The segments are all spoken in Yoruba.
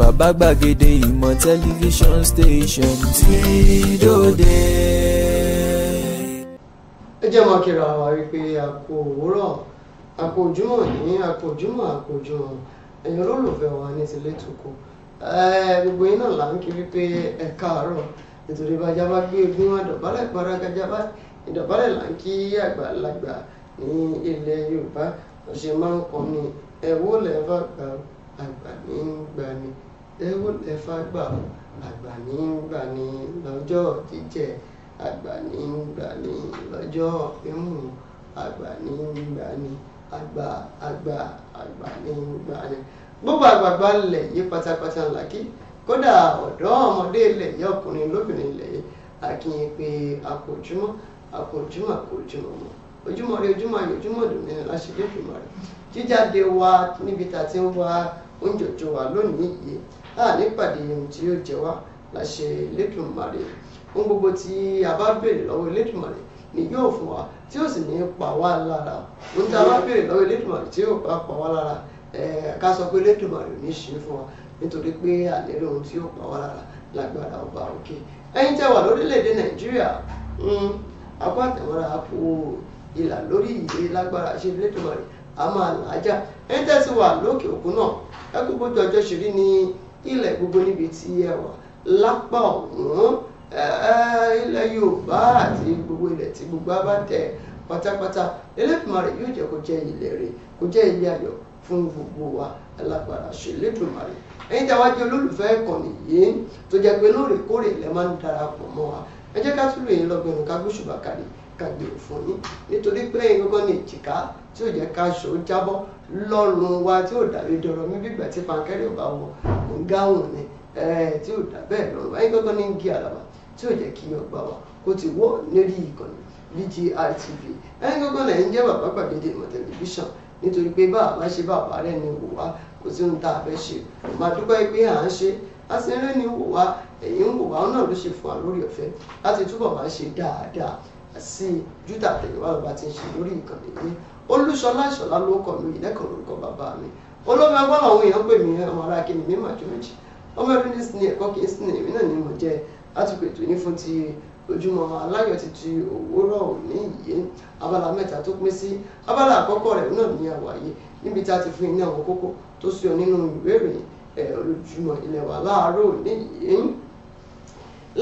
bàbá gbàgede ìmọ̀ tẹlifíṣọ̀n station ti dòde. ẹ jẹ́ máa kíra wa wípé àpò òwúrọ̀ àpò ojúmọ́ ní àpò ojúmọ́ àpò ojúmọ́ ẹ̀yin olólùfẹ́ wa ní tilé tòkó gbogbo yín náà là ń kiri pé ẹ káàárọ̀ nítorí bàjá bá gbé egun àdọ̀bálẹ̀ paragajá bá ìdọ̀bálẹ̀ là ń kí àgbàlagbà ní ilẹ̀ Yorùbá ọ̀sẹ̀ máa ń kọ́ ni ẹ̀wọ́ lẹ́ẹ̀fà gbà ó àgbà ní í gbani tẹ́wọ́ lẹ́fà gbà fún àgbà ní í gbani lọ́jọ́ jíjẹ àgbà ní í gbani lọ́jọ́ mímu àgbà ní í gbani àgbà àgbà àgbà ní í gbani. gbogbo àgbààgbà lẹ̀ yí pátápátá ńlá kí kódà ọ̀dọ́ ọmọdé lẹ̀ yí ọkùnrin lóbìnrin lẹ̀ yí àkínyìn pé àpòjúmọ́ àpòjúmọ́ àpòjúmọ́ mọ́ ojúmọ́ rí ojúmọ́ ayé ojúmọ́ dùn ní láṣẹ lẹ́fìmọ́ rẹ̀ jíjáde wa níbi tá ti ń wá oúnjẹ òjò wa lónìí yìí a ní pàdé ohun tí yóò jẹ wá láṣẹ Elédùmarè ohun gbogbo tí a bá béèrè lọ́wọ́ Elédùmarè ni yóò fún wa tí ó sì ní pa wá lára ohun tí a bá béèrè lọ́wọ́ Elédùmarè tí yóò bá pa wá lára ká sọ pé Elédùmarè ò ní ṣe fún wa nítorí pé àlérò ohun tí yóò pa wá lára lágbára ọba òkè ẹ̀yin tẹ́ wà lórílẹ̀‐èdè Nàìjíríà hmm, apá àtẹ̀wọ́ra àpò ìlà lórí ìyè lágbára ṣe Elédùmarè àmọ́ àlàájá ẹni tẹ́sí wà lókè òkun náà ẹ kú bójú ọjọ́ ṣe rí ní ilẹ̀ gbogbo níbi tí ẹ wà lápá ọ̀hún ilẹ̀ Yorùbá àti gbogbo ilẹ̀ tí gbogbo á bá tẹ̀ pátápátá Elédùmarè yóò jẹ́ kó jẹ́ ilẹ̀ rẹ̀ kó jẹ́ ilé ayọ̀ fún gbogbo wa alágbára ṣe Elédùmarè ẹ̀yin tí a wá jẹ́ olólùfẹ́ ìkànnì yìí tó jẹ́ pé lóòrèkóòrè lẹ́ máa ń darapọ̀ mọ́ wa ẹ jẹ́ ká tún lè yín lọ́gbẹ̀rún ká gbóṣùbà kalẹ̀ kàdé òfun yín nítorí pé nǹkan ní ìjìká tí ò jẹ́ ká ṣò jábọ́ lọ́rùn wa tí ò dàbí dọ̀rọ̀ mi bí ìgbà tí ò bá wọ gáwùn ni tí ò dà bẹ́ẹ̀ lọ́rùn wa nǹkan ní gí àlàbà tí ò jẹ́ kí ọgbà wa kó ti wọ́ lérí ìkànnì BGI TV nǹkan náà ń jẹ́ bàbá gbàgede ìmọ̀ tẹlifíṣàn nítorí pé bá àbá ṣe bàbá rẹ̀ ni wò kò sí ohun tá a fẹ́ ṣe màá dúpẹ́ pé à ń ṣe a sì ń rẹ́ ni wò ẹ̀yìn ń náà ló ṣe fún wa lórí ọ̀fẹ́ láti túbọ̀ máa ṣe dáadáa sí Judah àtẹ̀yẹ̀wá bàbá ti ń ṣe lórí nǹkan nìyí Olúṣọlá Ìṣọ̀lá lórúkọ mi ìdẹ́kọ̀ lórúkọ bàbá mi olómi ọgbọ́n àwọn èèyàn pè mí ọmọ ara kí ni mí mà George ọmọ ẹbí ní sinmi ẹ̀kọ́ kì í sinmi èmi náà ni mo jẹ́ àtúkò ètò ní fún ti ojúmọ́ aláyọ̀ ti di òwúrọ̀ òní yìí abala mẹ́ta tó pín sí abala àkọ́kọ́ rẹ̀ náà ní àwàyé níbi tí a ti fún yín ní àwọn kókó tó sọ nínú ìwé ìròyìn ẹ̀ olójúmọ́ ilẹ̀ wa láàárọ̀ òní yìí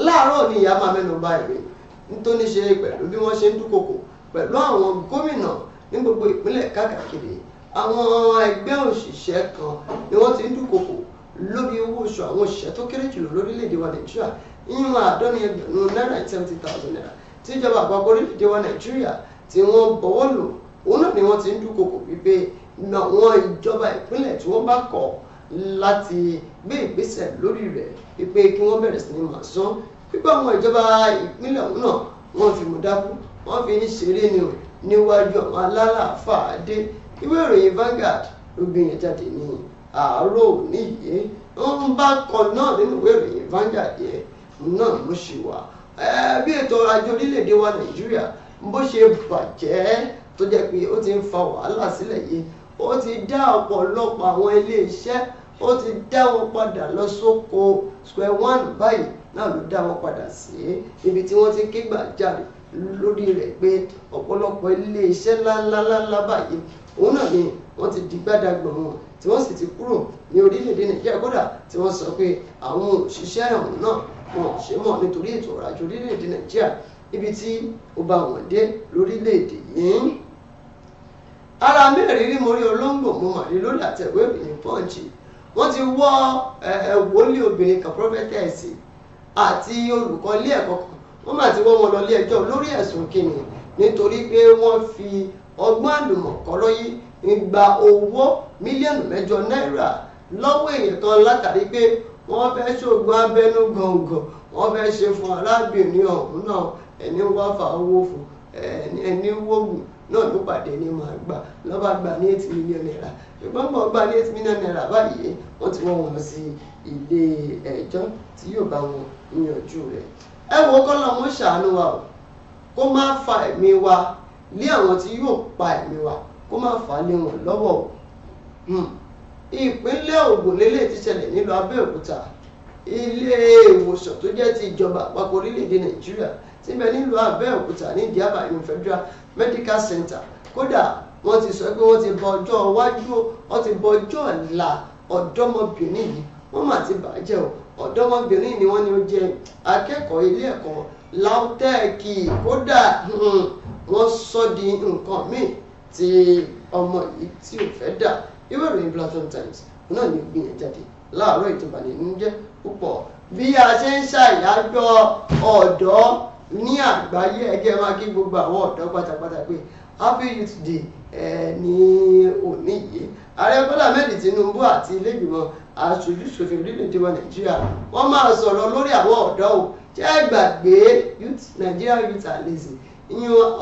láàárọ̀ òní yìí a máa mẹ́nu bà ìròyìn nítorí ṣe pẹ̀lú bí wọ́n ṣe ń dúnkokò pẹ̀lú àwọn gómìnà ní gbogbo ìpínlẹ̀ káàkiri àwọn ẹgbẹ́ òṣìṣẹ́ kan ni wọ́n ti ń dúnkokò lórí owó oṣù àwọn òṣìṣẹ́ tó kéré jùlọ lórílẹ̀‐èdè wa nàìjíríà yíyan àádọ́ni ẹgbẹ̀rún náírà seventy thousand naira tíjọba àpapọ̀ orílẹ̀‐èdè wa nàìjíríà tí wọ́n bọ̀wọ́ lò òun náà ni wọ́n ti ń dúnkokò wípé àwọn ìjọba ìpínlẹ̀ tí wọ́n bá kọ̀ láti gbé ìgbésẹ̀ lórí rẹ̀ wípé kí wọ́n bẹ̀rẹ̀ sí ní máa san pípa àwọn ìjọba ìpínlẹ̀ ọ̀hún náà wọ́n fi mú dákú wọ́n fi ń ṣeré ni o níwájú àwọn alálàáfà ìwé ìròyìn Vanguard ló jáde ní kan náà nínú ìwé ìròyìn Vanguard yẹ náà mú sí wa bí ètò ọrọ̀ ajé wa ṣe bàjẹ́ fa wàhálà sílẹ̀ yìí ó ti dá ọ̀pọ̀lọpọ̀ àwọn ó ti dá wọn padà lọ sóko square one báyìí náà ló dá wọn padà sí níbi tí wọ́n ti ké gbàjarè lórí rẹ̀ pé ọ̀pọ̀lọpọ̀ ilé iṣẹ́ ńláńláńlá báyìí òun náà ni wọ́n ti di gbádàgbọ̀n wọn tí wọ́n sì ti kúrò ní orílẹ̀-èdè nàìjíríà kódà tí wọ́n sọ pé àwọn òṣìṣẹ́ ọ̀hún náà wọn ò ṣe mọ̀ nítorí ètò ọrọ̀ ajé orílẹ̀-èdè nàìjíríà ibi tí ó bá wọn dé lórílẹ̀-èdè yìí ara mẹ́rin rí mo rí olóńgbò mo mà rí lórí àtẹ̀wé ìròyìn pọ́ǹchì wọ́n ti wọ́ ẹ̀wọ́lé obìnrin kan prọfẹ́tẹ̀ẹ̀sì àti olùkọ́ ilé ẹ̀kọ́ kan wọ́n mà ti wọ́n wọn lọ ilé ẹjọ́ lórí ẹ̀sùn kìnnì nítorí pé wọ́n fi ọgbọ́n àlùmọ̀kọ́rọ́ yìí gba owó mílíọ̀nù mẹ́jọ náírà lọ́wọ́ èèyàn kan látàrí pé wọ́n fẹ́ ṣògùn abẹ́nú gàngàn wọ́n fẹ́ ṣe fún arábìnrin ọ̀hún náà ẹni wá fa owó fún un ẹni wòwù náà ló pàdé ní máa gbà lọ́ba gbà ní eight million naira ṣùgbọ́n bọ̀ gbà ní eight million naira báyìí wọ́n ti wọ́n wọn sí ilé ẹjọ́ tí yóò bá wọn yanjú rẹ̀ ẹ wo kọ́ lọ́mọ ṣàánú wa o kó má fa ẹ̀mí wa lé àwọn tí yóò pa ẹ̀mí wa kó má fà á lé wọn lọ́wọ́ o hmm. ìpínlẹ̀ Ògùn lélẹ̀ ti ṣẹlẹ̀ nílùú Abẹ́òkúta ilé ìwòsàn tó jẹ́ ti ìjọba àpapọ̀ orílẹ̀-èdè Nàìjíríà tí ń bẹ nílùú Abẹ́òkúta ní Diaba ní Federal Medical Center kódà wọ́n ti sọ pé wọ́n ti bọ ọjọ́ iwájú wọ́n ti bọ ọjọ́ ọ̀la ọ̀dọ́mọbìnrin yìí wọ́n mà ti bàjẹ́ o ọ̀dọ́mọbìnrin ni wọ́n ní ó jẹ́ akẹ́kọ̀ọ́ ilé ẹ̀kọ́ LAUTECH kódà wọ́n sọ di nǹkan míì tí ọmọ yìí tí ò fẹ́ dà ìwé ìròyìn Bluntton Times náà ní gbìyànjú jáde láàárọ̀ ìtìbànújẹ́ púpọ̀ bí a ṣe ń ṣàyájọ́ ọ̀dọ́ ní àgbáyé ẹgbẹ́ máa kí gbogbo àwọn ọ̀dọ́ pátápátá pé happy youth day ní òní yìí ààrẹ bọ́lá ahmed tinubu àti ilé ìgbìmọ̀ aṣojúṣòfin orílẹ̀-èdè wa wọ́n máa sọ̀rọ̀ lórí àwọn ọ̀dọ́ o jẹ́ gbàgbé nigeria youth alese,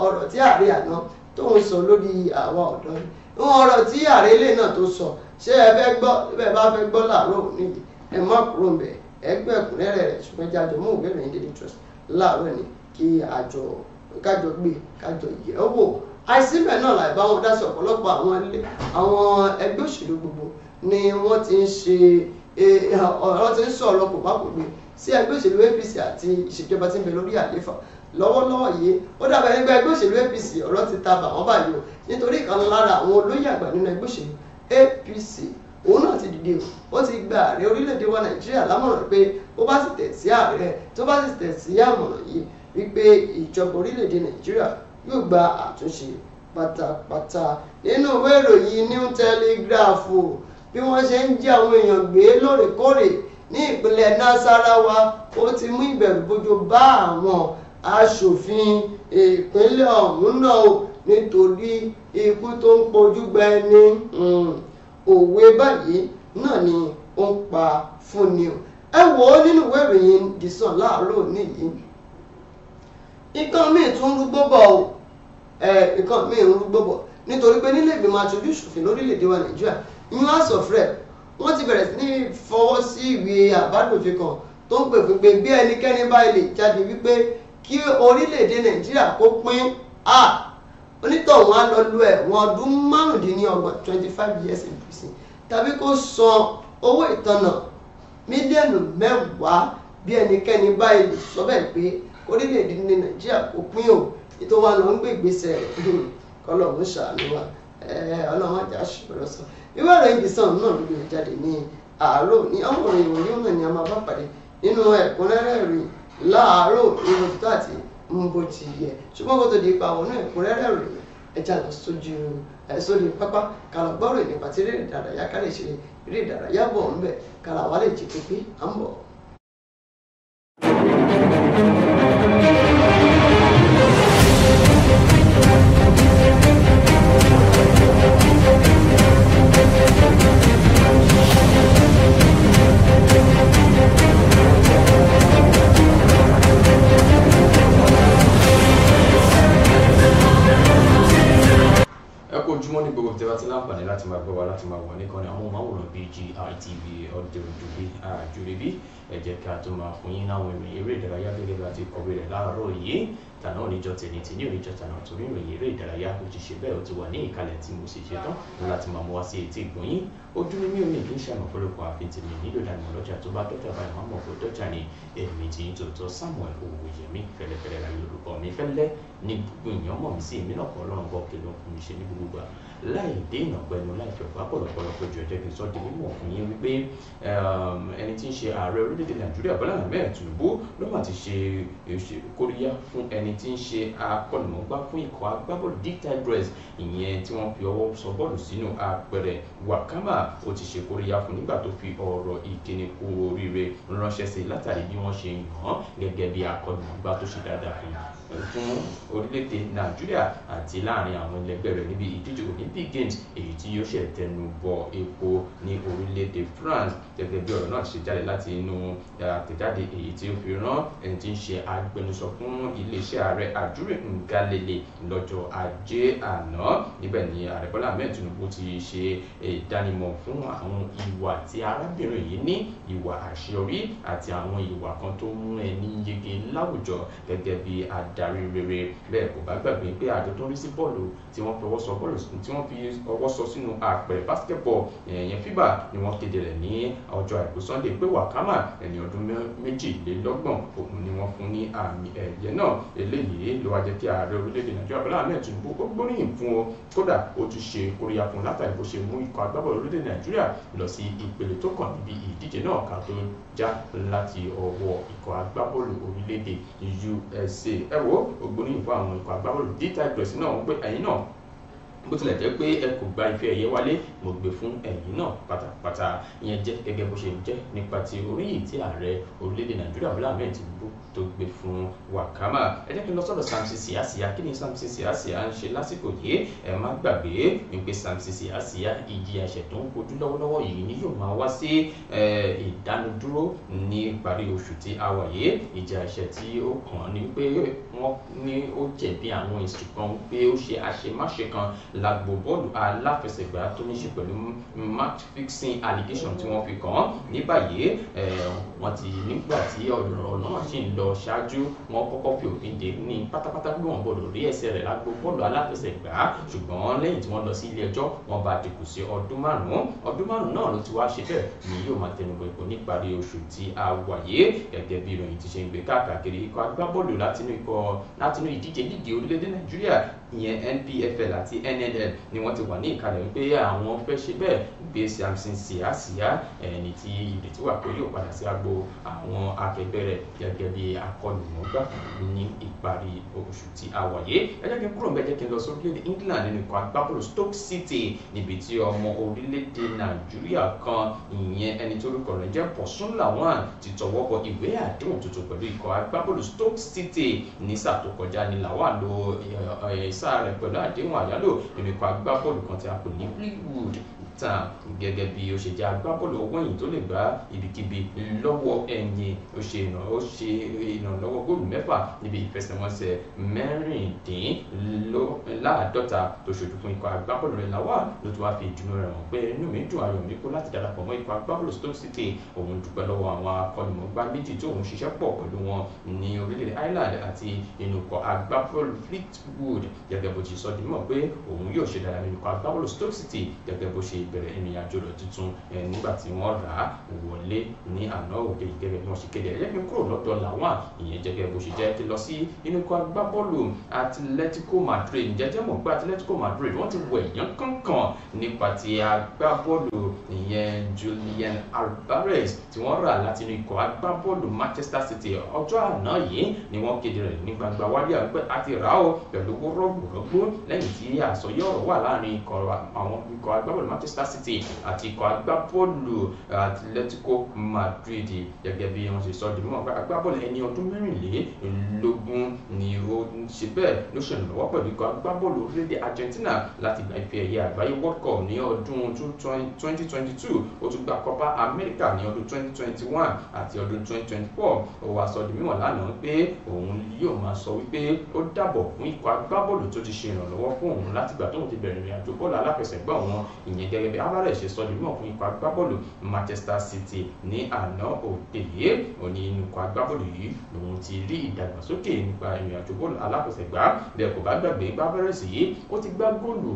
ọ̀rọ̀ tí ààrẹ àná tó ń lórí àwọn ọ̀dọ́ ìwọ̀n ọ̀rọ̀ tí ààrẹ ilé náà tó sọ ṣé ẹ fẹ́ gbọ́ bá fẹ́ gbọ́ làárọ̀ òní ẹ má kúrò ń bẹ̀ ẹgbẹ́ ẹ̀kúnrẹ́rẹ́ rẹ̀ ṣùgbọ́n jáde láàárọ̀ ni kí àjọ kájọ gbé kájọ yẹ̀ wò àìsíbẹ̀ náà láì bá wọn dá sí ọ̀pọ̀lọpọ̀ àwọn ẹgbẹ́ òṣèlú gbogbo ni wọ́n ti ń ṣe e, ọ̀rọ̀ ti ń sọ̀rọ̀ kò bá kò gbé sí ẹgbẹ́ òṣèlú APC àti ìṣèjọba tí ń bẹ lórí àléfà lọ́wọ́lọ́wọ́ yìí ó dàbẹ̀ nígbà ẹgbẹ́ òṣèlú APC ọ̀rọ̀ ti ta bà wọ́n báyìí o nítorí ìkan lára àwọn olóyè àgbà nínú ẹgbẹ́ òṣèlú APC òun náà ti dìde ó ti gba ààrẹ orílẹ̀-èdè wa Nàìjíríà lámọ̀ràn pé ó bá sì tẹ̀ sí ààrẹ tó bá sì tẹ̀ sí àmọ̀ràn yìí wípé ìjọba orílẹ̀-èdè nàìjíríà yóò gba àtúnṣe pátápátá nínú ìwé ìròyìn new telegraph bí wọ́n ṣe ń jí àwọn èèyàn gbé lóòrèkóòrè ní ìpínlẹ̀ nasarawa ó ti mú ìbẹ̀rù bójú bá àwọn aṣòfin ìpínlẹ̀ ọ̀hún náà o nítorí ikú tó ń pojú gba ẹni hmm, òwe báyìí náà ni ó ń pa fúnni o ẹ wò ó nínú ìwé ìròyìn The Sun láàárọ̀ nìyí nǹkan míì tún ń rúgbó bọ̀ o nǹkan míì ń rúgbó bọ̀ nítorí pé nílé ìgbìmọ̀ aṣojú ìṣòfin lórílẹ̀‐èdè wa Nàìjíríà ìyún House of Rep wọ́n ti bẹ̀rẹ̀ sí ní fọwọ́ sí ìwé àbádòfin kan tó ń pè fún pé bí ẹnikẹ́ni bá ilé jáde wípé kí orílẹ̀‐èdè Nàìjíríà kó pín a onítọ̀hún á lọ lu ẹ̀wọ̀n ọdún márùndínlọ́gbọ̀n twenty five years in prison tàbí kó san owó ìtanà mílíọ̀nù mẹ́wàá bí ẹnikẹ́ni báyìí lè sọ bẹ́ẹ̀ pé orílẹ̀-èdè ní nàìjíríà kò pín o ètò wa lọ ń gbé ìgbésẹ̀ rẹ̀ ṣàánú wa ọlọ́run ajá ṣòro sọ ìwé ìròyìn The Sun náà ló lè e jáde ní àárọ̀ ní ọmọrin ìwòye ọmọ ni a máa bá pàdé nínú ẹ̀kúnrẹ́rẹ́ ìròyìn láàárọ̀ ìròyìn tó àti ń bó ti yẹ ṣùgbọ́n kó tó di ipa àwọn ẹ̀kúnrẹ́rẹ́ ìròyìn ẹja lọ sójú sórí pápá kàlà gbọ́rọ̀ ìnípa tí eré ìdárayá ká lè ṣe eré ìdárayá bọ̀ ń bẹ̀ kàlà wà lè jí pépé à kó ojúmọ́ ní gbogbo tẹ́wá tí láǹfààní láti máa gbọ́ wa láti máa wà níkànnì àwọn òmáwòrán bíi BGI TV ọ̀dẹ̀ òdòdó àjòrèbí ẹ jẹ́ ká tó máa fún yín láwọn ìròyìn eré ìdárayá gẹ́gẹ́ bá ti kọ̀wé rẹ̀ láàárọ̀ yìí tànà oníjọ tèmi tèmi oníjọ tànà torí ìròyìn eré ìdárayá kò ti ṣe bẹ́ẹ̀ ó ti wà ní ìkàlẹ̀ tí mo sì ṣe tán láti máa mú wá sí etí ìgbọ̀n yín ojú mímí omi kì í ṣe àmọ̀ fọlọ́pọ̀ àfin tèmi nílò ìdánimọ̀ lọ́jà tó bá dọ́jà báyìí máa la yorùbá mi fẹ́lẹ́ ní gbogbo èèyàn mọ̀ mí sí èmi náà kọ́ ọlọ́run bọ́ kí ló fún mi ṣe ní gbogbo gbà láì dé ìnà pẹ̀lú láì fẹ́ pàápọ̀lọpọ̀lọpọ̀ jọ jẹ́ kí n sọ di mímọ̀ fún yín wípé ẹni tí ń ṣe orílẹ̀-èdè nàìjíríà bọ́lá ahmed tinubu ló mà ti ṣe kóríyá fún ẹni tí ń ṣe akọ́nìmọ̀gbá fún ikọ̀ agbábọ́ọ̀lù dick tigress ìyẹn tí wọ́n fi ọwọ́ sọ bọ́ọ̀lù sínú apẹ̀rẹ̀ wakama ó ti ṣe kóríyá fún nígbà tó fi ọ̀rọ̀ ìkíni kú oríire ránṣẹ́ sí látàrí bí wọ́n ṣe yàn án gẹ́gẹ́ bí akọ́nìmọ̀gbá tó ṣe dáadáa fún fún orílẹ̀-èdè nàìjíríà àti láàrin àwọn ẹlẹgbẹ́ rẹ̀ níbi ìdíje olympic games èyí tí yóò ṣẹ̀ tẹnu bọ epo ní orílẹ̀-èdè france gẹ́gẹ́ bí ọ̀rọ̀ náà ṣe jáde láti inú àtẹ̀jáde èyí tí ó fi rán ẹni tí ń ṣe agbẹnusọ fún iléeṣẹ́ ààrẹ àdúrà ngalele lọ́jọ́ ajé àná níbẹ̀ ni ààrẹ bọ́lá ahmed tinubu ti ṣe ìdánimọ̀ fún àwọn ìwà tí arábìnrin yìí ní ìwà àṣeyọrí àti àwọn ìwà kan tó mú ẹni yege láwùjọ gẹ́gẹ́ bí adarí rere bẹ́ẹ̀ kò bá gbàgbé pé àjọ tó ń rí sí bọ́ọ̀lù tí wọ́n fi ọwọ́ sọ bọ́ọ̀lù tí wọ́n fi ọwọ́ sọ sínú àpẹẹrẹ basketball ẹ̀yẹn FIBA ni wọ́n kéde rẹ̀ ní ọjọ́ àìkú sunday pé wàkámà ẹni ọdún méjìlélọ́gbọ̀n òun ni wọ́n fún ní àmì ẹ̀yẹ náà eléyìí ló wá jẹ́ kí ààrẹ orílẹ̀-èdè nàìjíríà bọ́lá ahmed tinubu ó gbóríyìn fún o kódà ó tún ṣe kóríyá fún látàrí bó ṣe mú ikọ̀ agbábọ́ọ̀lù orílẹ̀-èdè nàìjíríà lọ sí ìpele tó kàn níbi ìdíje náà ká tó já láti ọwọ́ ikọ̀ agbábọ́ọ̀lù orílẹ̀-èdè usa ẹ wo ògbóríyìn fún àwọn ikọ̀ agbábọ́ọ̀lù d bó tilẹ̀ jẹ́ pé ẹ kò gba ife ẹ̀yẹ wálé mo gbé fún ẹ̀yin náà pátápátá ìyẹn jẹ́ gẹ́gẹ́ bó ṣe jẹ́ nípa ti oríyìn tí ààrẹ orílẹ̀-èdè nàìjíríà Bọ́lá Ahmed Tinubu tó gbé fún Wakama ẹ jẹ́ kí n lọ sọ́dọ̀ Samson Siasia kí ni Samson Siasia ń ṣe lásìkò yìí ẹ má gbàgbé wípé Samson Siasia ìjì àṣẹ tó ń kojú lọ́wọ́lọ́wọ́ yìí ni yóò máa wá sí ìdánudúró ní ìparí oṣù tí a wà yìí ìjì àṣẹ tí ó kàn ní pé wọ́n ní ó jẹ̀bi àwọn ìsìn kan pé ó ṣe àṣemáṣe kan lágbo bọ́ọ̀lù aláfẹsẹ̀gbá tó ní ṣe pẹ̀lú match fixing allegation tí wọ́n fi kàn ní báyìí wọ́n ti nígbà tí ọ̀rọ̀ náà ṣì ń lọ lọ ṣáájú wọn kọ́kọ́ fi òfin dè ní pátápátá pé wọn gbọdọ̀ rí ẹsẹ̀ rẹ̀ lágbo bọ́ọ̀lù aláfẹsẹ̀gbá ṣùgbọ́n lẹ́yìn tí wọ́n lọ sí ilé ẹjọ́ wọn bá dìkù sí ọdún márùn-ún ọdún márùn-ún náà ló ti wá ṣe bẹ́ẹ̀ ni yóò máa tẹnu bọ̀ ipò níparí oṣù tí a wáyé gẹ́gẹ́ bí ìròyìn ti ṣe ń gbé káàkiri ikọ̀ agbábọ́ọ̀lù látinú ìdíje líìgì orílẹ̀-èdè nàìjíríà ìyẹn npfl àti nnl ni wọ́n ti wà ní ìkàlẹ̀ wípé àwọn fẹ́ ṣe bẹ́ẹ̀ gbé samson síásíá ẹni tí ìrètí wà pé yóò padà sí agbo àwọn akẹgbẹ́ rẹ̀ gẹ́gẹ́ bí akọ́nìmọ̀gbà ní ìparí oṣù tí a wà yìí ẹ jẹ́ kí n kúrò ń bẹ̀ jẹ́ kí n lọ sórílẹ̀-èdè England nínú ikọ̀ agbábọ́ọ̀lù Stoke City níbi tí ọmọ orílẹ̀ Nàìjíríà kan ìyẹn ẹni tó rúkọ rẹ̀ jẹ́ Pọ̀sún Lawan ti tọwọ́ bọ ìwé àdéhùn tuntun pẹ̀lú ikọ̀ agbábọ́ọ̀lù Stoke City ní sáà tó kọjá ni Lawan lo ìsáà rẹ̀ pẹ̀lú àdéhùn àyálò nínú ikọ̀ agbábọ́ọ̀lù kan tí a pè ní Fleetwood tàn gẹ́gẹ́ bí ó ṣe jẹ́ agbábọ́ọ̀lù ọwọ́ ẹ̀yìn tó lè gbá ibikíbi lọ́wọ́ ẹ̀yìn ó ṣe ìrànlọ́wọ́ góòlù mẹ́fà níbi ìfẹsẹ̀wọnsẹ̀ mẹ́rìndínláàdọ́ta tó ṣojú fún ikọ̀ agbábọ́ọ̀lù rẹ̀ láwà ló ti wá fi ìdùnnú rẹ̀ hàn pé inú mi dùn ayọ̀ mi kó láti darapọ̀ mọ́ ikọ̀ agbábọ́ọ̀lù Stoke City òun dúpẹ́ lọ́wọ́ àwọn akọ́nimọ̀ọ́gbá méjì tó òun ṣiṣẹ́ pọ̀ pẹ̀lú wọn ní orílẹ̀-èdè Ireland àti inú ikọ̀ agbábọ́ọ̀lù Fleetwood gẹ́gẹ́ bó ti sọ di mọ̀ pé òun yóò ṣe dára ìbẹ̀rẹ̀ ìrìnàjò rẹ̀ tuntun nígbà tí wọ́n rà á wọlé ní àná òde gẹ́gẹ́ bí wọ́n ṣe kéde ẹ̀yẹ́ fi kúrò lọ́dọ̀ Lawan ìyẹn jẹ́ bó ṣe jẹ́ kí lọ sí inú ikọ̀ agbábọ́ọ̀lù Atletico Madrid jẹ́jẹ́ mọ̀ pé Atletico Madrid wọ́n ti wọ èèyàn kankan nípa ti agbábọ́ọ̀lù ìyẹn Julian Alvarez tí wọ́n rà láti inú ikọ̀ agbábọ́ọ̀lù Manchester City ọjọ́ àná yìí ni wọ́n kéde rẹ̀ ní gbangba wálé àgbẹ̀ àti rà ó pẹ̀lú rọ́gbòrọ́gbó lẹ́yìn tí àsọyọ̀rọ̀ wà láàrin ikọ̀ àwọn ikọ̀ agbábọ́ọ̀lù Manchester Manchester City àti ikọ̀ agbábọ́ọ̀lù eh, Atletico Madrid gẹ́gẹ́ bí wọ́n ṣe sọ di mímọ̀ pé agbábọ́ọ̀lù ẹni ọdún mẹ́rìnlélógún ni ó ń ṣe bẹ́ẹ̀ ló ṣèrànlọ́wọ́ pẹ̀lú ikọ̀ agbábọ́ọ̀lù orílẹ̀-èdè Argentina láti gba ife ẹ̀yẹ àgbáyé World Cup ní ọdún 2022 ó tún gba Copa America ní ọdún 2021 àti ọdún 2024 ó wá sọ di mímọ̀ lánàá pé òun yóò máa sọ wípé ó dàbọ̀ fún ikọ̀ agbábọ́ọ̀lù tó ti ṣe ìrànlọ́wọ́ fún òun látìgbà tóun ti bẹ̀rẹ̀ ìrìn àjò bọ́ọ̀lù aláfẹsẹ̀gbá òun ìyẹn gẹ́gẹ́ gẹ́gẹ́ bí Alvarez ṣe sọ di mímọ̀ fún ikọ̀ agbábọ́ọ̀lù Manchester City ní àná òde yìí ó ní inú ikọ̀ agbábọ́ọ̀lù yìí lòun ti rí ìdàgbàsókè nípa ìrìn àjò bọ́ọ̀lù alákòóṣẹ̀gbá bẹ́ẹ̀ kò bá gbàgbé Alvarez yìí ó ti gbá góòlù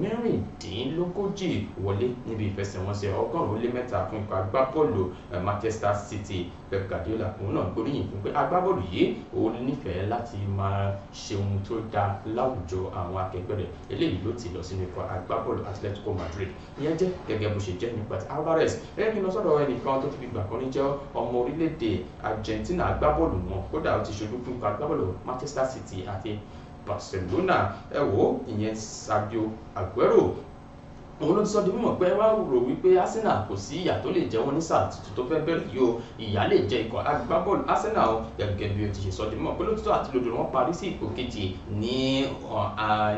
mẹ́rìndínlógójì wọlé níbi ìfẹsẹ̀wọnsẹ̀ ọgọ́rùn-ún lé mẹ́ta fún ikọ̀ agbábọ́ọ̀lù eh, Manchester City Pep Guardiola òun náà gbóríyìn fún pé agbábọ́ọ̀lù yìí òun nífẹ̀ẹ́ láti máa ṣe ohun tó dáa láwùjọ àwọn akẹgbẹ́ rẹ̀ eléyìí ló ti lọ sínú ikọ̀ agbábọ́ọ̀lù Atletico Madrid ìyẹn jẹ́ gẹ́gẹ́ bó ṣe jẹ́ nípa ti Alvarez ẹ̀yẹ́ kí n lọ sọ́dọ̀ ẹnìkan tó ti fi gbà kan ní jẹ́ ọmọ orílẹ̀-èdè Argentina agbábọ́ọ̀lù wọn kódà ó ti ṣojú fún ikọ̀ agbábọ́ọ̀lù Manchester City àti Barcelona ẹ wò ìyẹn Sergio Aguero òun ló ti sọ di mímọ̀ pé wá rò wípé Arsenal kò sí ìyà tó lè jẹ wọn ní sáà tuntun tó fẹ́ bẹ̀rẹ̀ yìí o ìyà lè jẹ ikọ̀ agbábọ́ọ̀lù Arsenal gẹ́gẹ́ bí o ti ṣe sọ di mímọ̀ pé lótìtọ́ àti lòdò wọn parí sí ipò kejì ní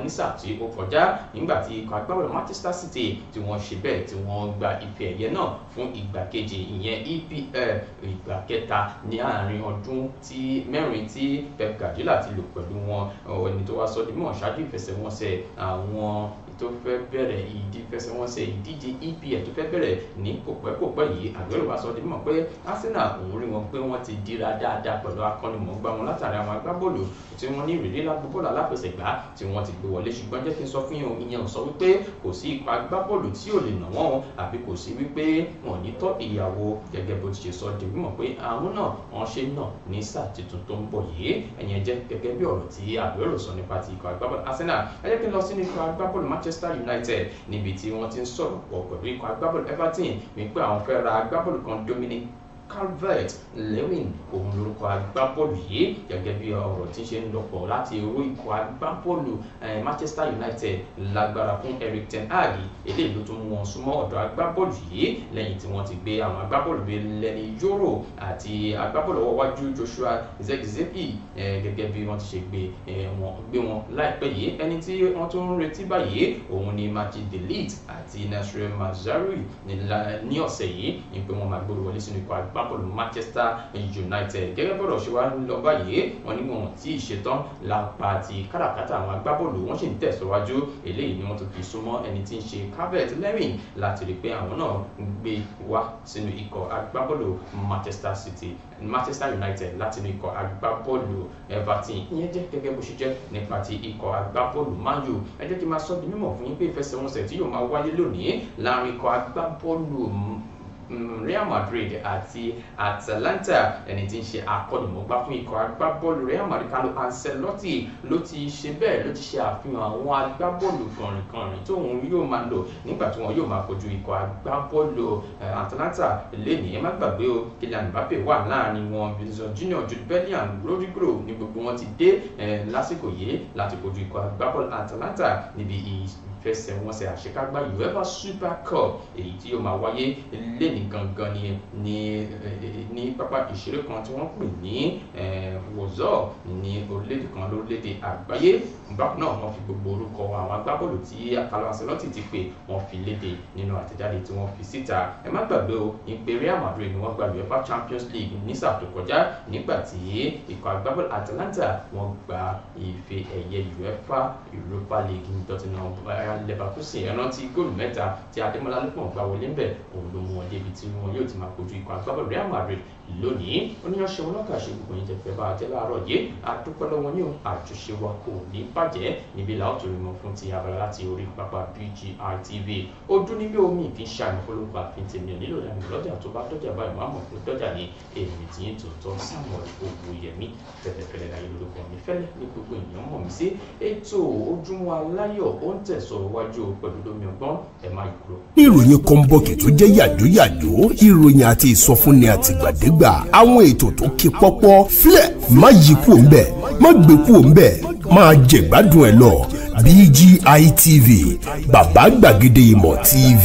ní sáà tí ó kọjá nígbà tí ikọ̀ agbábọ́ọ̀lù Manchester City tí wọ́n ṣe bẹ́ẹ̀ tí wọ́n gba ife ẹ̀yẹ náà fún ìgbà kejì ìyẹn EPL ìgbà kẹta ní àárín ọdún tí mẹ́rin tí Pep Guardiola ti lò pẹ̀lú wọn ẹni tó wá sọ di mímọ̀ ṣáájú ìfẹsẹ̀wọnsẹ̀ àwọn tó fẹ́ bẹ̀rẹ̀ ìdífẹsẹ̀wọnsẹ̀ ìdíje EPL tó fẹ́ bẹ̀rẹ̀ ní kòpẹ́kòpẹ́ yìí Aguero wá sọ di mímọ̀ pé Arsenal òun rí wọn pé wọ́n ti dira dáadáa pẹ̀lú akọ́nimọ̀ọ́gbá wọn látàrí àwọn agbábọ́ọ̀lù tí wọ́n ní ìrírí lágbóbọ́ọ̀lù aláfẹsẹ̀gbá tí wọ́n ti gbé wọlé ṣùgbọ́n jẹ́ kí n sọ fún yín ìyẹn ò sọ wípé kò sí ipa agbábọ́ọ̀lù tí ò lè nà wọ́n àbí kò sí wípé wọn ò ní tọ́ ìyàwó gẹ́gẹ́ bó ti ṣe sọ di mímọ̀ pé àwọn náà wọ́n ṣe náà ní sáà tuntun tó ń bọ̀ yìí ẹ̀yẹn jẹ́ gẹ́gẹ́ bí ọ̀rọ̀ tí Aguero sọ nípa ti ikọ̀ agbábọ́ọ̀lù Arsenal ẹ jẹ́ kí n lọ sí ikọ̀ agbábọ́ọ̀lù Manchester Manchester United níbi tí wọ́n ti ń sọ̀rọ̀ pọ̀ pẹ̀lú ikọ̀ agbábọ́ọ̀lù Everton wípé àwọn fẹ́ ra agbábọ́ọ̀lù kan Dominic Calvert Lewin òun lorúkọ agbábọ́ọ̀lù yìí gẹ́gẹ́ bí ọ̀rọ̀ tí ń ṣe ń lọ́pọ̀ láti orú ikọ̀ agbábọ́ọ̀lù eh, Manchester United lágbára fún Eric ten Hag eléyìí ló tún mú wọn súnmọ́ ọ̀dọ̀ agbábọ́ọ̀lù yìí lẹ́yìn tí wọ́n ti gbé àwọn agbábọ́ọ̀lù bíi Lenny Yoro àti agbábọ́ọ̀lù ọwọ́ wájú Joshua Zirkzee eh, gẹ́gẹ́ bí wọ́n ti ṣe eh, gbé wọn láìpẹ́ yìí ẹni tí wọ́n tún ń retí báyìí òun ni Matthew de Ligt àti Nasir Mazraoui ní ọ̀sẹ̀ yìí ni pé wọ́n máa gbórí sínú ikọ̀ agbá máa kọlù Manchester United gẹ́gẹ́ bọ́dọ̀ ṣe wá lọ báyìí wọ́n ní wọn tí ì ṣetán lápá ti káràkátà àwọn agbábọ́ọ̀lù wọ́n sì ń tẹ̀síwájú eléyìí ni wọ́n tó fi súnmọ́ ẹni tí ń ṣe Calvert Lewin láti rí pé àwọn náà gbé wá sínú ikọ̀ agbábọ́ọ̀lù Manchester City Manchester United láti inú ikọ̀ agbábọ́ọ̀lù Everton ìyẹn jẹ́ gẹ́gẹ́ bó ṣe jẹ́ nípa ti ikọ̀ agbábọ́ọ̀lù Man U ẹ jẹ́ kí n máa sọ di mímọ̀ fún yín pé ìfẹsẹ̀wọnsẹ̀ tí yóò máa wáyé lónìí láàrin ikọ̀ agbábọ́ọ̀lù Mm, Real Madrid àti Atalanta ẹni tí ń ṣe akọ́nimọ̀gbá fún ikọ̀ agbábọ́ọ̀lù Real Madrid Carlo Ancelotti ló ti ṣe bẹ́ẹ̀ ló ti ṣe àfihàn àwọn agbábọ́ọ̀lù kànrìnkànrìn tó òun yóò máa lò nígbà tí wọn yóò máa kojú ikọ̀ agbábọ́ọ̀lù eh, Atalanta lẹ́nìí ẹ má gbàgbé o Kylian Mbappe wà láàrin wọn Vinicius Junior Jude Bellingham Rodrigo ni gbogbo wọn ti dé eh, lásìkò yìí láti kojú ikọ̀ agbábọ́ọ̀lù Atalanta níbi ìfẹsẹ̀wọnsẹ̀ àṣekágbá uefa super cup èyí tí yóò máa wáyé lẹ́nìí gangan ni ní ní pápá ìṣeré kan tí wọ́n pè ní eh, wòzọ́ ní orílẹ̀-èdè kan lórílẹ̀-èdè àgbáyé bákan náà wọ́n fi gbogbo orúkọ àwọn agbábọ́ọ̀lù tí Carlo Ancelotti ti pè wọ́n fi léde nínú àtẹ̀jáde tí wọ́n fi síta ẹ má gbàgbé o ìpè Real Madrid ni wọ́n gba uefa champions league ní sáà tó kọjá nígbà tí ikọ̀ agbábọ́ọ̀lù atalanta wọ́n gba ife ẹ̀yẹ uefa europa league ní tottenham eh, Bayer Leverkusen ẹ rántí góòlù mẹ́ta tí Adémọ́lá Lúpọ̀ gbà wọlé ń bẹ̀ òun ló mú wọn débi tí wọn yóò ti máa kojú ikọ̀ agbábọ̀ Real Madrid lónìí oníyanṣẹ́ wọn lọ́kà ṣe gbogbo yín tẹ̀fẹ́ bá àtẹ́ láàárọ̀ yìí àdúpẹ́ lọ́wọ́ ní àjọṣe wa kò ní bàjẹ́ níbi làwọn tó rí wọn fún ti abala láti orí pápá BGI TV ojú níbi omi kì í ṣàmì polówó àfin tèmi nílò ìlànà lọ́jà tó bá dọ́jà báyìí máa mọ̀ pé dọ́jà ni èmi tí yín tòótọ́ Samuel Owóyẹmí tẹ̀tẹ̀fẹ́lẹ́ láyé lórúkọ mi fẹ́lẹ́ ní gbogbo ènìyàn mọ̀ mí sí ètò ojúmọ́ aláyọ̀ ó ń sọ̀rọ̀ wájú pẹ̀lú lómi ọgbọ́n ẹ má yòrò. ní ìròyìn kọ́ńbọ̀kì tó jẹ́ yàjóyàjó ìròyìn àti ìsọfúnni àtìgbàdégbà àwọn ètò tó ké pọ́pọ́ flẹ̀ má yí kúò ń bẹ̀ má gbé kúò ń bẹ̀ máa jẹ̀gbádùn ẹ̀ lọ BGI TV bàbá gbàgede ìmọ̀ TV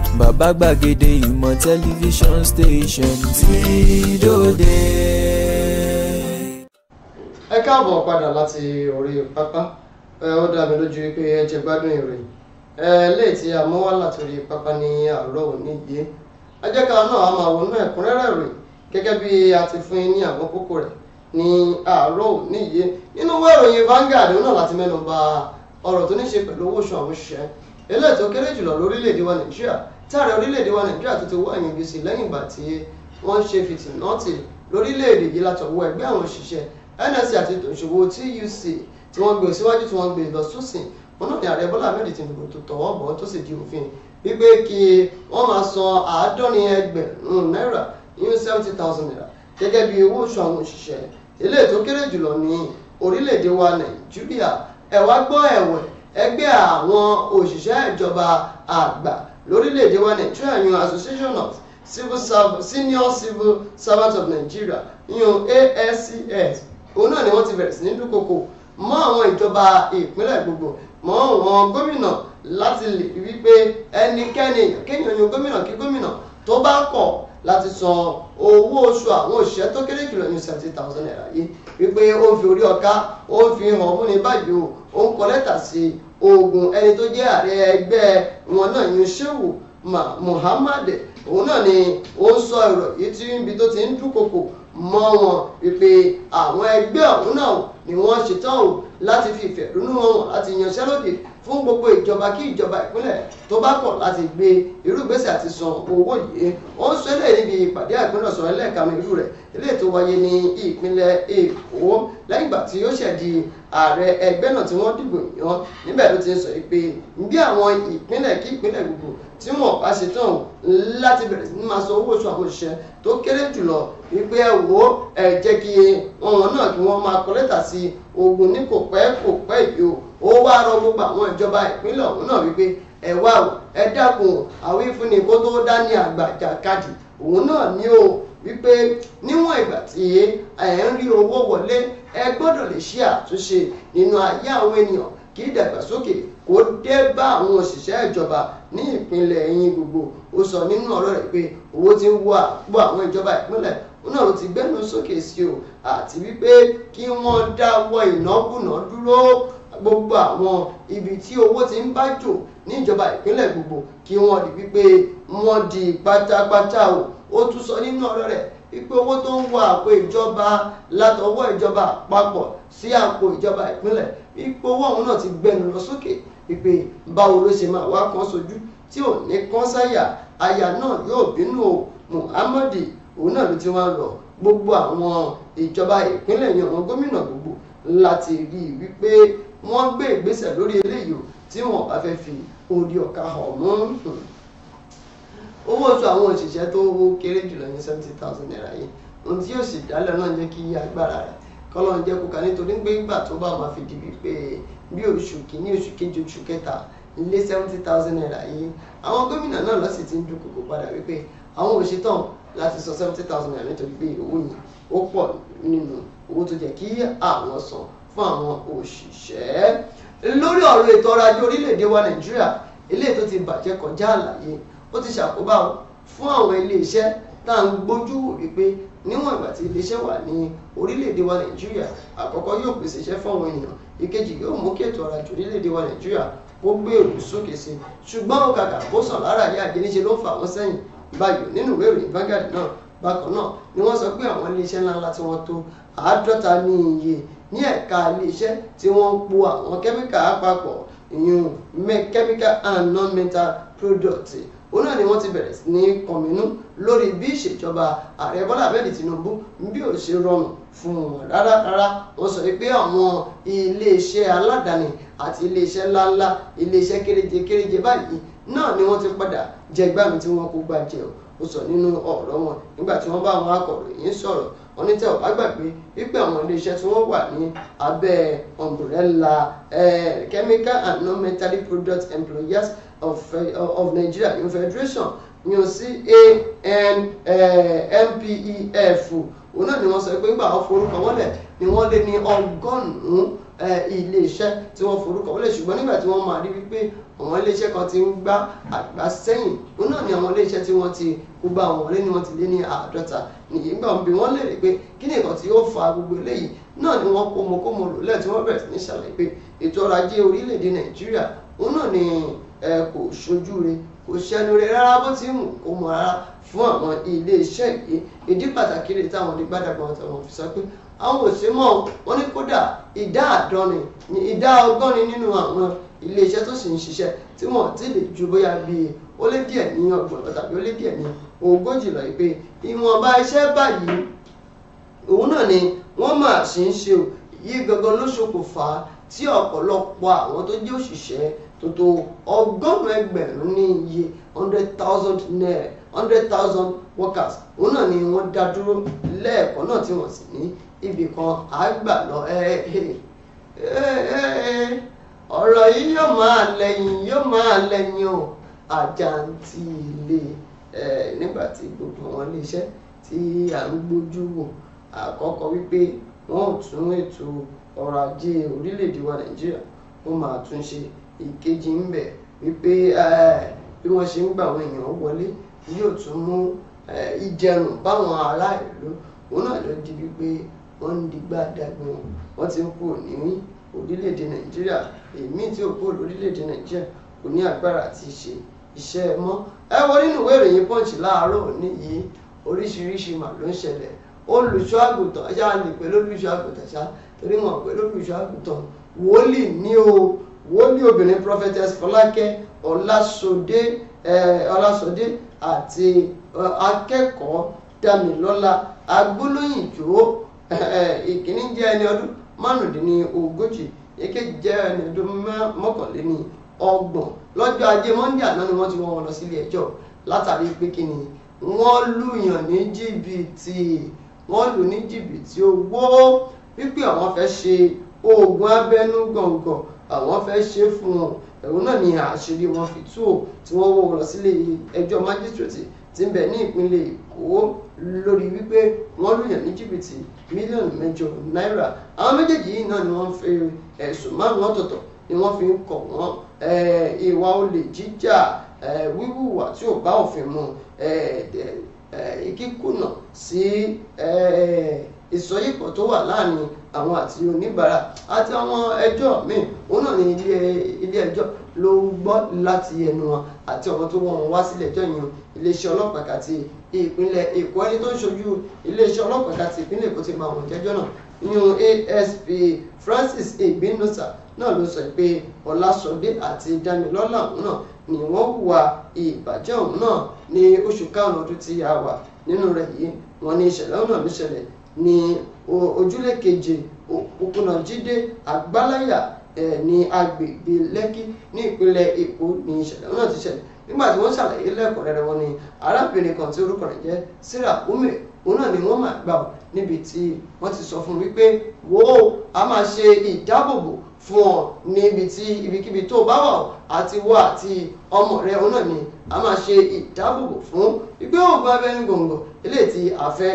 bàbá gbàgede ìmọ̀ tẹlifíṣọ̀n station ti dòde. ẹ káàbọ̀ padà láti orí pápá ó dá mi lójú pé ẹ jẹ gbádùn ìròyìn léè tí a mú wá látòrí pápá ní àárọ̀ òní yìí ajẹ́ka náà a máa wọnú ẹ̀kúnrẹ́rẹ́ ìròyìn gẹ́gẹ́ bí a ti fún yín ní àwọn kókó rẹ̀ ní àárọ̀ òní yìí nínú ìwé ìròyìn Vanguard náà láti mẹ́nu bà ọ̀rọ̀ tó ní ṣe pẹ̀lú owó oṣù àwọn òṣìṣẹ́ eléyìí tó kéré jùlọ lórílẹ̀‐èdè wa Nàìjíríà tí ààrẹ orílẹ̀-èdè wa nàìjíríà tó ti wá ìyàngbèsè lẹ́yìn ìgbà tí wọ́n ṣe fìtìnọ́tì lórílẹ̀-èdè yìí látọwọ́ ẹgbẹ́ àwọn òṣìṣẹ́ nsc àti ètò ìṣòwò tuc tí wọ́n gbé síwájú tí wọ́n gbé ìlọsùsìn wọn náà ní ààrẹ bọ́lá ahmed tinubu tó tọwọ́ bọ̀ tó sì di òfin wípé kí wọ́n máa san àádọ́rin ẹgbẹ̀rún náírà yún seventy thousand naira gẹ́gẹ́ bí owó oṣù àwọn òṣìṣẹ́ ilé tó kéré jùlọ ní orílẹ̀-èdè wa nàìjíríà ẹ̀wá gbọ́ ẹ̀wẹ̀ ẹgbẹ́ àwọn òṣìṣẹ́ ìjọba àgbà lórílẹ̀‐èdè wa Nigeria yan Association of Civil Serv Senior Civil Servants of Nigeria yan ASCS òun náà ni wọ́n ti bẹ̀rẹ̀ sí ní dúnkokò mọ́ àwọn ìjọba ìpínlẹ̀ gbogbo mọ́ àwọn gómìnà láti lè rí pé ẹnikẹ́ni kéèyàn yan gómìnà kí gómìnà tó bá kọ̀ láti san owó oṣù àwọn òṣìṣẹ́ tó kéré jùlọ ní seventy thousand naira yìí wípé ó ń fi orí ọ̀ka ó fi hàn fún ní báyìí o ó kọ lẹ́tà sí ogun ẹni tó jẹ́ ààrẹ ẹgbẹ́ wọn náà yun Shehu Muhammad òun náà ni ó ń sọ ọ̀rọ̀ yìí tí ibi tó ti ń dúnkokò mọ́ wọn wípé àwọn ẹgbẹ́ ọ̀hún náà ni wọ́n ṣetán o láti fi ìfẹ̀hónú wọn láti yanṣẹ́lódì fún gbogbo ìjọba kí ìjọba ìpínlẹ̀ tó bá kọ̀ láti gbé irúgbésẹ̀ àti san owó yìí ó ń sọ eléyìí níbi ìpàdé àgbẹnusọ ẹlẹ́ẹ̀kanu irú rẹ̀ eléyìí tó wáyé ní ìpínlẹ̀ èkó lẹ́yìn ìgbà tí ó ṣẹ̀ di ààrẹ ẹgbẹ́ náà tí wọ́n dìbò yàn níbẹ̀ ló ti ń sọ pé bí àwọn ìpínlẹ̀ kí ìpínlẹ̀ gbogbo tí wọ́n bá ṣe tán láti bẹ̀rẹ̀ sí máa san owó oṣù àwọn òṣìṣẹ́ tó kéré jùlọ wípé ẹ wò ẹ jẹ́ kí wọn náà kí wọ́n máa kọ́ lẹ́tà sí ogun ní kò pẹ́ kò pẹ́ yìí o ó wá rọ gbogbo àwọn ìjọba ìpínlẹ̀ ọ̀hún náà wípé ẹ wá o ẹ dákun àwọn ìfúnni kó tó dá ní àgbàjà kájù òun náà ní o wípé níwọ̀n ìgbà tí ẹ̀ ń rí owó wọlé ẹ gbọ́dọ̀ lè ṣe àtúnṣe nínú ayé àwọn ènìyàn kí ìdàgbàsókè kó dé bá àwọn òṣìṣẹ́ ìjọba ní ìpínlẹ̀ ẹ̀yìn gbogbo ó sọ nínú ọ̀rọ̀ rẹ̀ pé owó ti ń wọ àpò àwọn ìjọba ìpínlẹ̀ òun náà ti gbẹ́nu sókè sí o àti wípé kí wọ́n dáwọ́ ìnákúnà dúró gbogbo àwọn ibi tí owó ti ń bá jò níjọba ìpínlẹ̀ gbogbo kí wọ́n di wípé wọ́n di pátápátá o ó tún sọ nínú ọ̀rọ̀ rẹ̀ wípé owó tó ń wọ àpò ìjọba látọwọ́ ìjọba àpapọ̀ sí àpò ìjọba ìpínlẹ̀ wípé owó ọ̀hún náà ti gbẹnu lọ sókè wípé báwo ló ṣe máa wá kan sojú tí ò ní kán sáyà àyà náà yóò bínú o Muhammadu òun náà ló ti wá lọ gbogbo àwọn ìjọba ìpínlẹ̀ yẹn àwọn gómìnà gbogbo láti rí i wípé wọ́n gbé ìgbésẹ̀ lórí eléyìí tí wọ́n bá fẹ́ fi odi ọ̀ka hàn mú owó oṣù àwọn òṣìṣẹ́ tó wó kéré jùlọ ní seventy thousand naira yìí ohun tí yóò sì dálẹ̀ náà jẹ́ kí agbára rẹ̀ kọ́lọ́ jẹ́ kó ka nítorí pé ìgbà tó bá máa fi dìbì pé bí oṣù kìíní oṣù kejì oṣù kẹta ilé seventy thousand naira yìí àwọn gómìnà náà lọ sì ti ń dúnkòkò padà wípé àwọn ò ṣetán láti sọ seventy thousand naira nítorí pé owó yìí ó pọ̀ nínú owó tó jẹ́ kí àwọn san fún àwọn òṣìṣẹ́ lórí ọ̀rọ̀ ètò ọrọ̀ ajé orílẹ̀-èdè wa nàìjíríà eléyìí tó ti bàjẹ́ kọjá àlàyé ó ti ṣàkóbá fún àwọn iléeṣẹ́ tá à ń gbójú rí pé níwọ̀n ìgbà tí iléeṣẹ́ wà ní orílẹ̀-èdè wa nàìjíríà àkọ́kọ́ yóò pèsè iṣẹ́ fáwọn ènìyàn ìkejì yóò mú kí ètò ọrọ̀ ajé orílẹ̀-èdè wa nàìjíríà kó gbèrú sókè sí ṣùgbọ́n ó kàkà kó sàn lára yá àjẹ́ níṣe ló fà wọ́n sẹ́yìn báyìí nínú ìwé ìròyìn Vanguard náà bákan náà ni wọ́n sọ pé àwọn iléeṣẹ́ ńláńlá tí wọ́n tó àádọ́ta ní iye ní ẹ̀ka iléeṣẹ́ tí wọ́n ń po àwọn kẹ́míkà àpapọ̀ ìyún chemical and non-metal products òun náà ni wọ́n ti bẹ̀rẹ̀ sí ní kọ̀mínú lórí bí ìṣèjọba ààrẹ bọ́lá abẹ́ẹ̀dì tinubu bí ò ṣe rọrùn fún wọn rárá rárá wọ́n sọ pé àwọn iléeṣẹ́ aládàáni àti iléeṣẹ́ ńláńlá iléeṣẹ́ kéréje kéréje báyìí náà ni wọ́n ti padà jẹgbàmí tí wọ́n kó gbàjẹ́ ó sọ nínú ọ̀rọ̀ wọn nígbà tí wọ́n bá àwọn akọ̀ròyìn sọ̀rọ̀ wọ́n ní tẹ́ ọ̀ bá gbàgbé wípé àwọn iléeṣẹ́ tí wọ́n wà ní abẹ́ umbrella chemical and non-metallic product employers of, uh, of Nigeria confederation ní o sí ANMPEF òun náà ni wọ́n sọ pé gbà wọ́n forúkọ wọlé ni wọ́n lé ní ọgọ́rùn-ún iléeṣẹ́ tí wọ́n forúkọ wọlé ṣùgbọ́n nígbà tí wọ́n máa rí wípé àwọn iléeṣẹ́ kan ti ń gbá àgbà sẹ́yìn òun náà ni àwọn iléeṣẹ́ tí wọ́n ti kú bá wọn lé ní wọ́n ti lé ní àádọ́ta nìyí gbà bí wọ́n lè rí pé kí ni nǹkan tí ó fa gbogbo eléyìí náà ni wọ́n kó mo kó mo lòlẹ̀ tí wọ́n bẹ̀rẹ̀ sí ní ṣàlàyé pé ètò ọrọ̀ ajé orílẹ̀-èdè nàìjíríà òun náà ni kò ṣojú re kò ṣẹnu rẹ rárá bó ti mú kó mọ rárá fún àwọn iléeṣẹ́ yìí ìdí pàtàkì rẹ̀ táwọn onígbàdàgbà wọn tẹ̀wọ̀n fi sọ pé àwọn òṣèmọ̀ wọn ní kódà ìdá àdọ́rin ìdá ọgọ́rin nínú àwọn iléeṣẹ́ tó sì ń ṣiṣẹ́ tí wọ́n ti lè ju bóyá bíi ó lé díẹ̀ ní ọgbọ̀n lọ tàbí ó lé díẹ̀ ní ogójì lọ pé ìwọ̀nba iṣẹ́ báyìí òun náà ni wọ́n máa ṣe ń ṣe o yí gangan ló ṣokùnfà tí ọ̀pọ̀lọpọ̀ àwọn tó jẹ́ òṣìṣẹ́ tó tó ọgọ́rùn-ún ẹgbẹ̀rún ní iye hundred thousand naira hundred thousand workers òun náà ni wọ́n dá dúró lẹ́ẹ̀kan náà tí wọ́n sì ní ibì kan àgbà lọ ọ̀rọ̀ yìí yóò máa lẹ́yìn yóò máa lẹ́yìn o àjàǹtì ilé nígbà tí gbogbo àwọn iléeṣẹ́ tí à ń gbójú wò àkọ́kọ́ wípé wọ́n ò tún ètò ọrọ̀ ajé orílẹ̀-èdè wa nàìjíríà ó máa tún ṣe ìkejì ń bẹ wípé bí wọ́n ṣe ń gbà àwọn èèyàn wọlé yóò tún mú ìjẹrùn báwọn ará ìlú òun náà ló di wípé wọ́n ń digbá dagbọn wọ́n ti ń kú ní orílẹ̀-èdè nàìjíríà èmi tí ò kú lórílẹ̀-èdè nàìjíríà kò ní agbára àti ṣe iṣẹ́ ẹ mọ́ ẹ wo nínú ìwé ìròyìn punch láàárọ̀ níyì oríṣiríṣi mà ló ń ṣẹlẹ̀ olùṣọ́ àgùntàn ẹja ni pẹ̀lú olùṣọ́ àgùntàn ṣá torí wọn pẹ̀lú olùṣọ́ àgùntàn wòlíì ní o wòlíì obìnrin prophetess fọlákẹ́ ọlásọdé ọlásọdé àti akẹ́kọ̀ọ́ Dámilọ́lá Agbólóyìnjó ìkíní jẹ́ ẹni ọdún márùndínlógójì èkejì jẹ́ ẹni ọdún mọ́kànléní ọgbọ̀n lọ́jọ́ ajé monde àná ni wọ́n ti wọ́n wọn lọ sílé ẹjọ́ látàrí pé kí ni wọ́n lùyàn ní jìbìtì wọ́n lù ní jìbìtì owó wípé àwọn fẹ́ ṣe oògùn abẹ́nú gbọ̀ngàn àwọn fẹ́ ṣe fún wọn òun náà ni àṣírí wọn fi tú ò tí wọ́n wọ́ lọ sílé ẹjọ́ májísírètì tí ń bẹ ní ìpínlẹ̀ Èkó lórí wípé wọ́n lùyàn ní jìbìtì mílíọ̀nù mẹ́jọ náírà àwọn méjèèjì yìí náà ni wọ́n fi ẹ̀sùn márùn-ún ni wọ́n fi ń kọ̀ wọ́n ìwà olè jíjà wíwùwà tí ò bá òfin mu kíkùnà sí ìsọyípọ̀ tó wà láàrin àwọn àti oníbàárà àti àwọn ẹjọ́ míì òun náà ní ilé ẹjọ́ ló gbọ́ láti ẹnu wọn àti ọmọ tó wọ́n wá sílẹ̀ ẹjọ́ yẹn iléeṣẹ́ ọlọ́pàá kàti ìpínlẹ̀ èkó ẹni tó ń ṣojú iléeṣẹ́ ọlọ́pàá kàti ìpínlẹ̀ èkó ti gba àwọn ìjẹ́jọ́ náà yún asp francis igbinusa náà ló sọ pé ọlásọdé àti damilọ́lá òun náà ni wọ́n hùwà ìbàjẹ́ òun náà ní oṣù karùn-ún ọdún tí a wà nínú rẹ̀ yìí wọ́n ní ìṣẹ̀lẹ̀ òun náà ló ṣẹlẹ̀ Ni ojúlé keje òpópónà jíde àgbáláyà ní agbègbè lẹ́kí ní ìpínlẹ̀ èkó ní ìṣẹ̀lẹ̀ náà ti ṣẹlẹ̀ nígbà tí wọ́n ṣàlàyé lẹ́kùnrẹ́rẹ́ wọn ni arábìnrin kan tí orúkọ rẹ̀ jẹ́ sarah ume òun náà ni wọ́n máa gbà níbi tí wọ́n ti sọ fún wípé wo a máa ṣe ìdáàbòbò fún ọ níbi tí ibikíbi tó bá wà àti wọ àti ọmọ rẹ òun náà ni a máa ṣe ìdáàbòbò fún ìgbé òògùn abẹ́rẹ́ gbòǹgbò eléyìí tí a fẹ́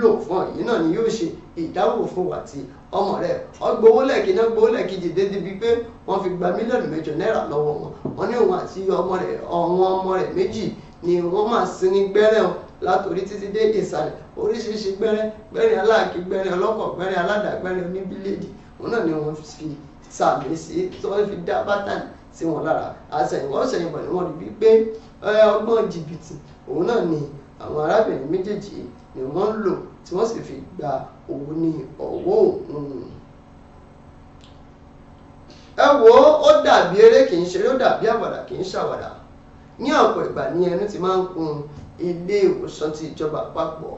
lò fún ọ yìí náà ni yóò ṣe ìdáàbòbò fún wa àti ọmọ rẹ ọgbowó lẹ́ẹ̀kì náà gbowó lẹ́ẹ̀kì jìdé débi pé wọ́n fi gba mílíọ̀nù mẹ́jọ náírà lọ́wọ́ wọn wọ́n ní òun àti ọmọ rẹ ọ̀hún ọmọ rẹ méjì ni wọ́n máa sin ní gbẹ́rẹ́ o látòrí títí dé ìsàlẹ̀ oríṣiríṣi gbẹ́rẹ́ gbẹ́rẹ́ aláàkí gbẹ́rẹ́ ọlọ́kọ̀ gbẹ́rẹ́ aládàá gbẹ́rẹ́ oníbíléèdì òun náà ni wọ́n fi sàmì sí tí wọ́n fi dá bátàn sí wọn lára àṣẹyìnwọ́ ṣẹyìnbọ̀ ni wọ́n rí wípé ọgbọ́n jìbìtì òun náà ni àwọn arábìnrin méjèèjì ni wọ́n ń lò tí wọ́n sì fi gba òun ní ọwọ́ òun. ẹ wo ó dàbí eré kì í ṣeré ó dàbí àwàdà kì í ṣàwàdà ní ọ̀pọ̀ ìgbà ni ẹnu ti máa ń kun ilé ìwòsàn ti ìjọba àpapọ̀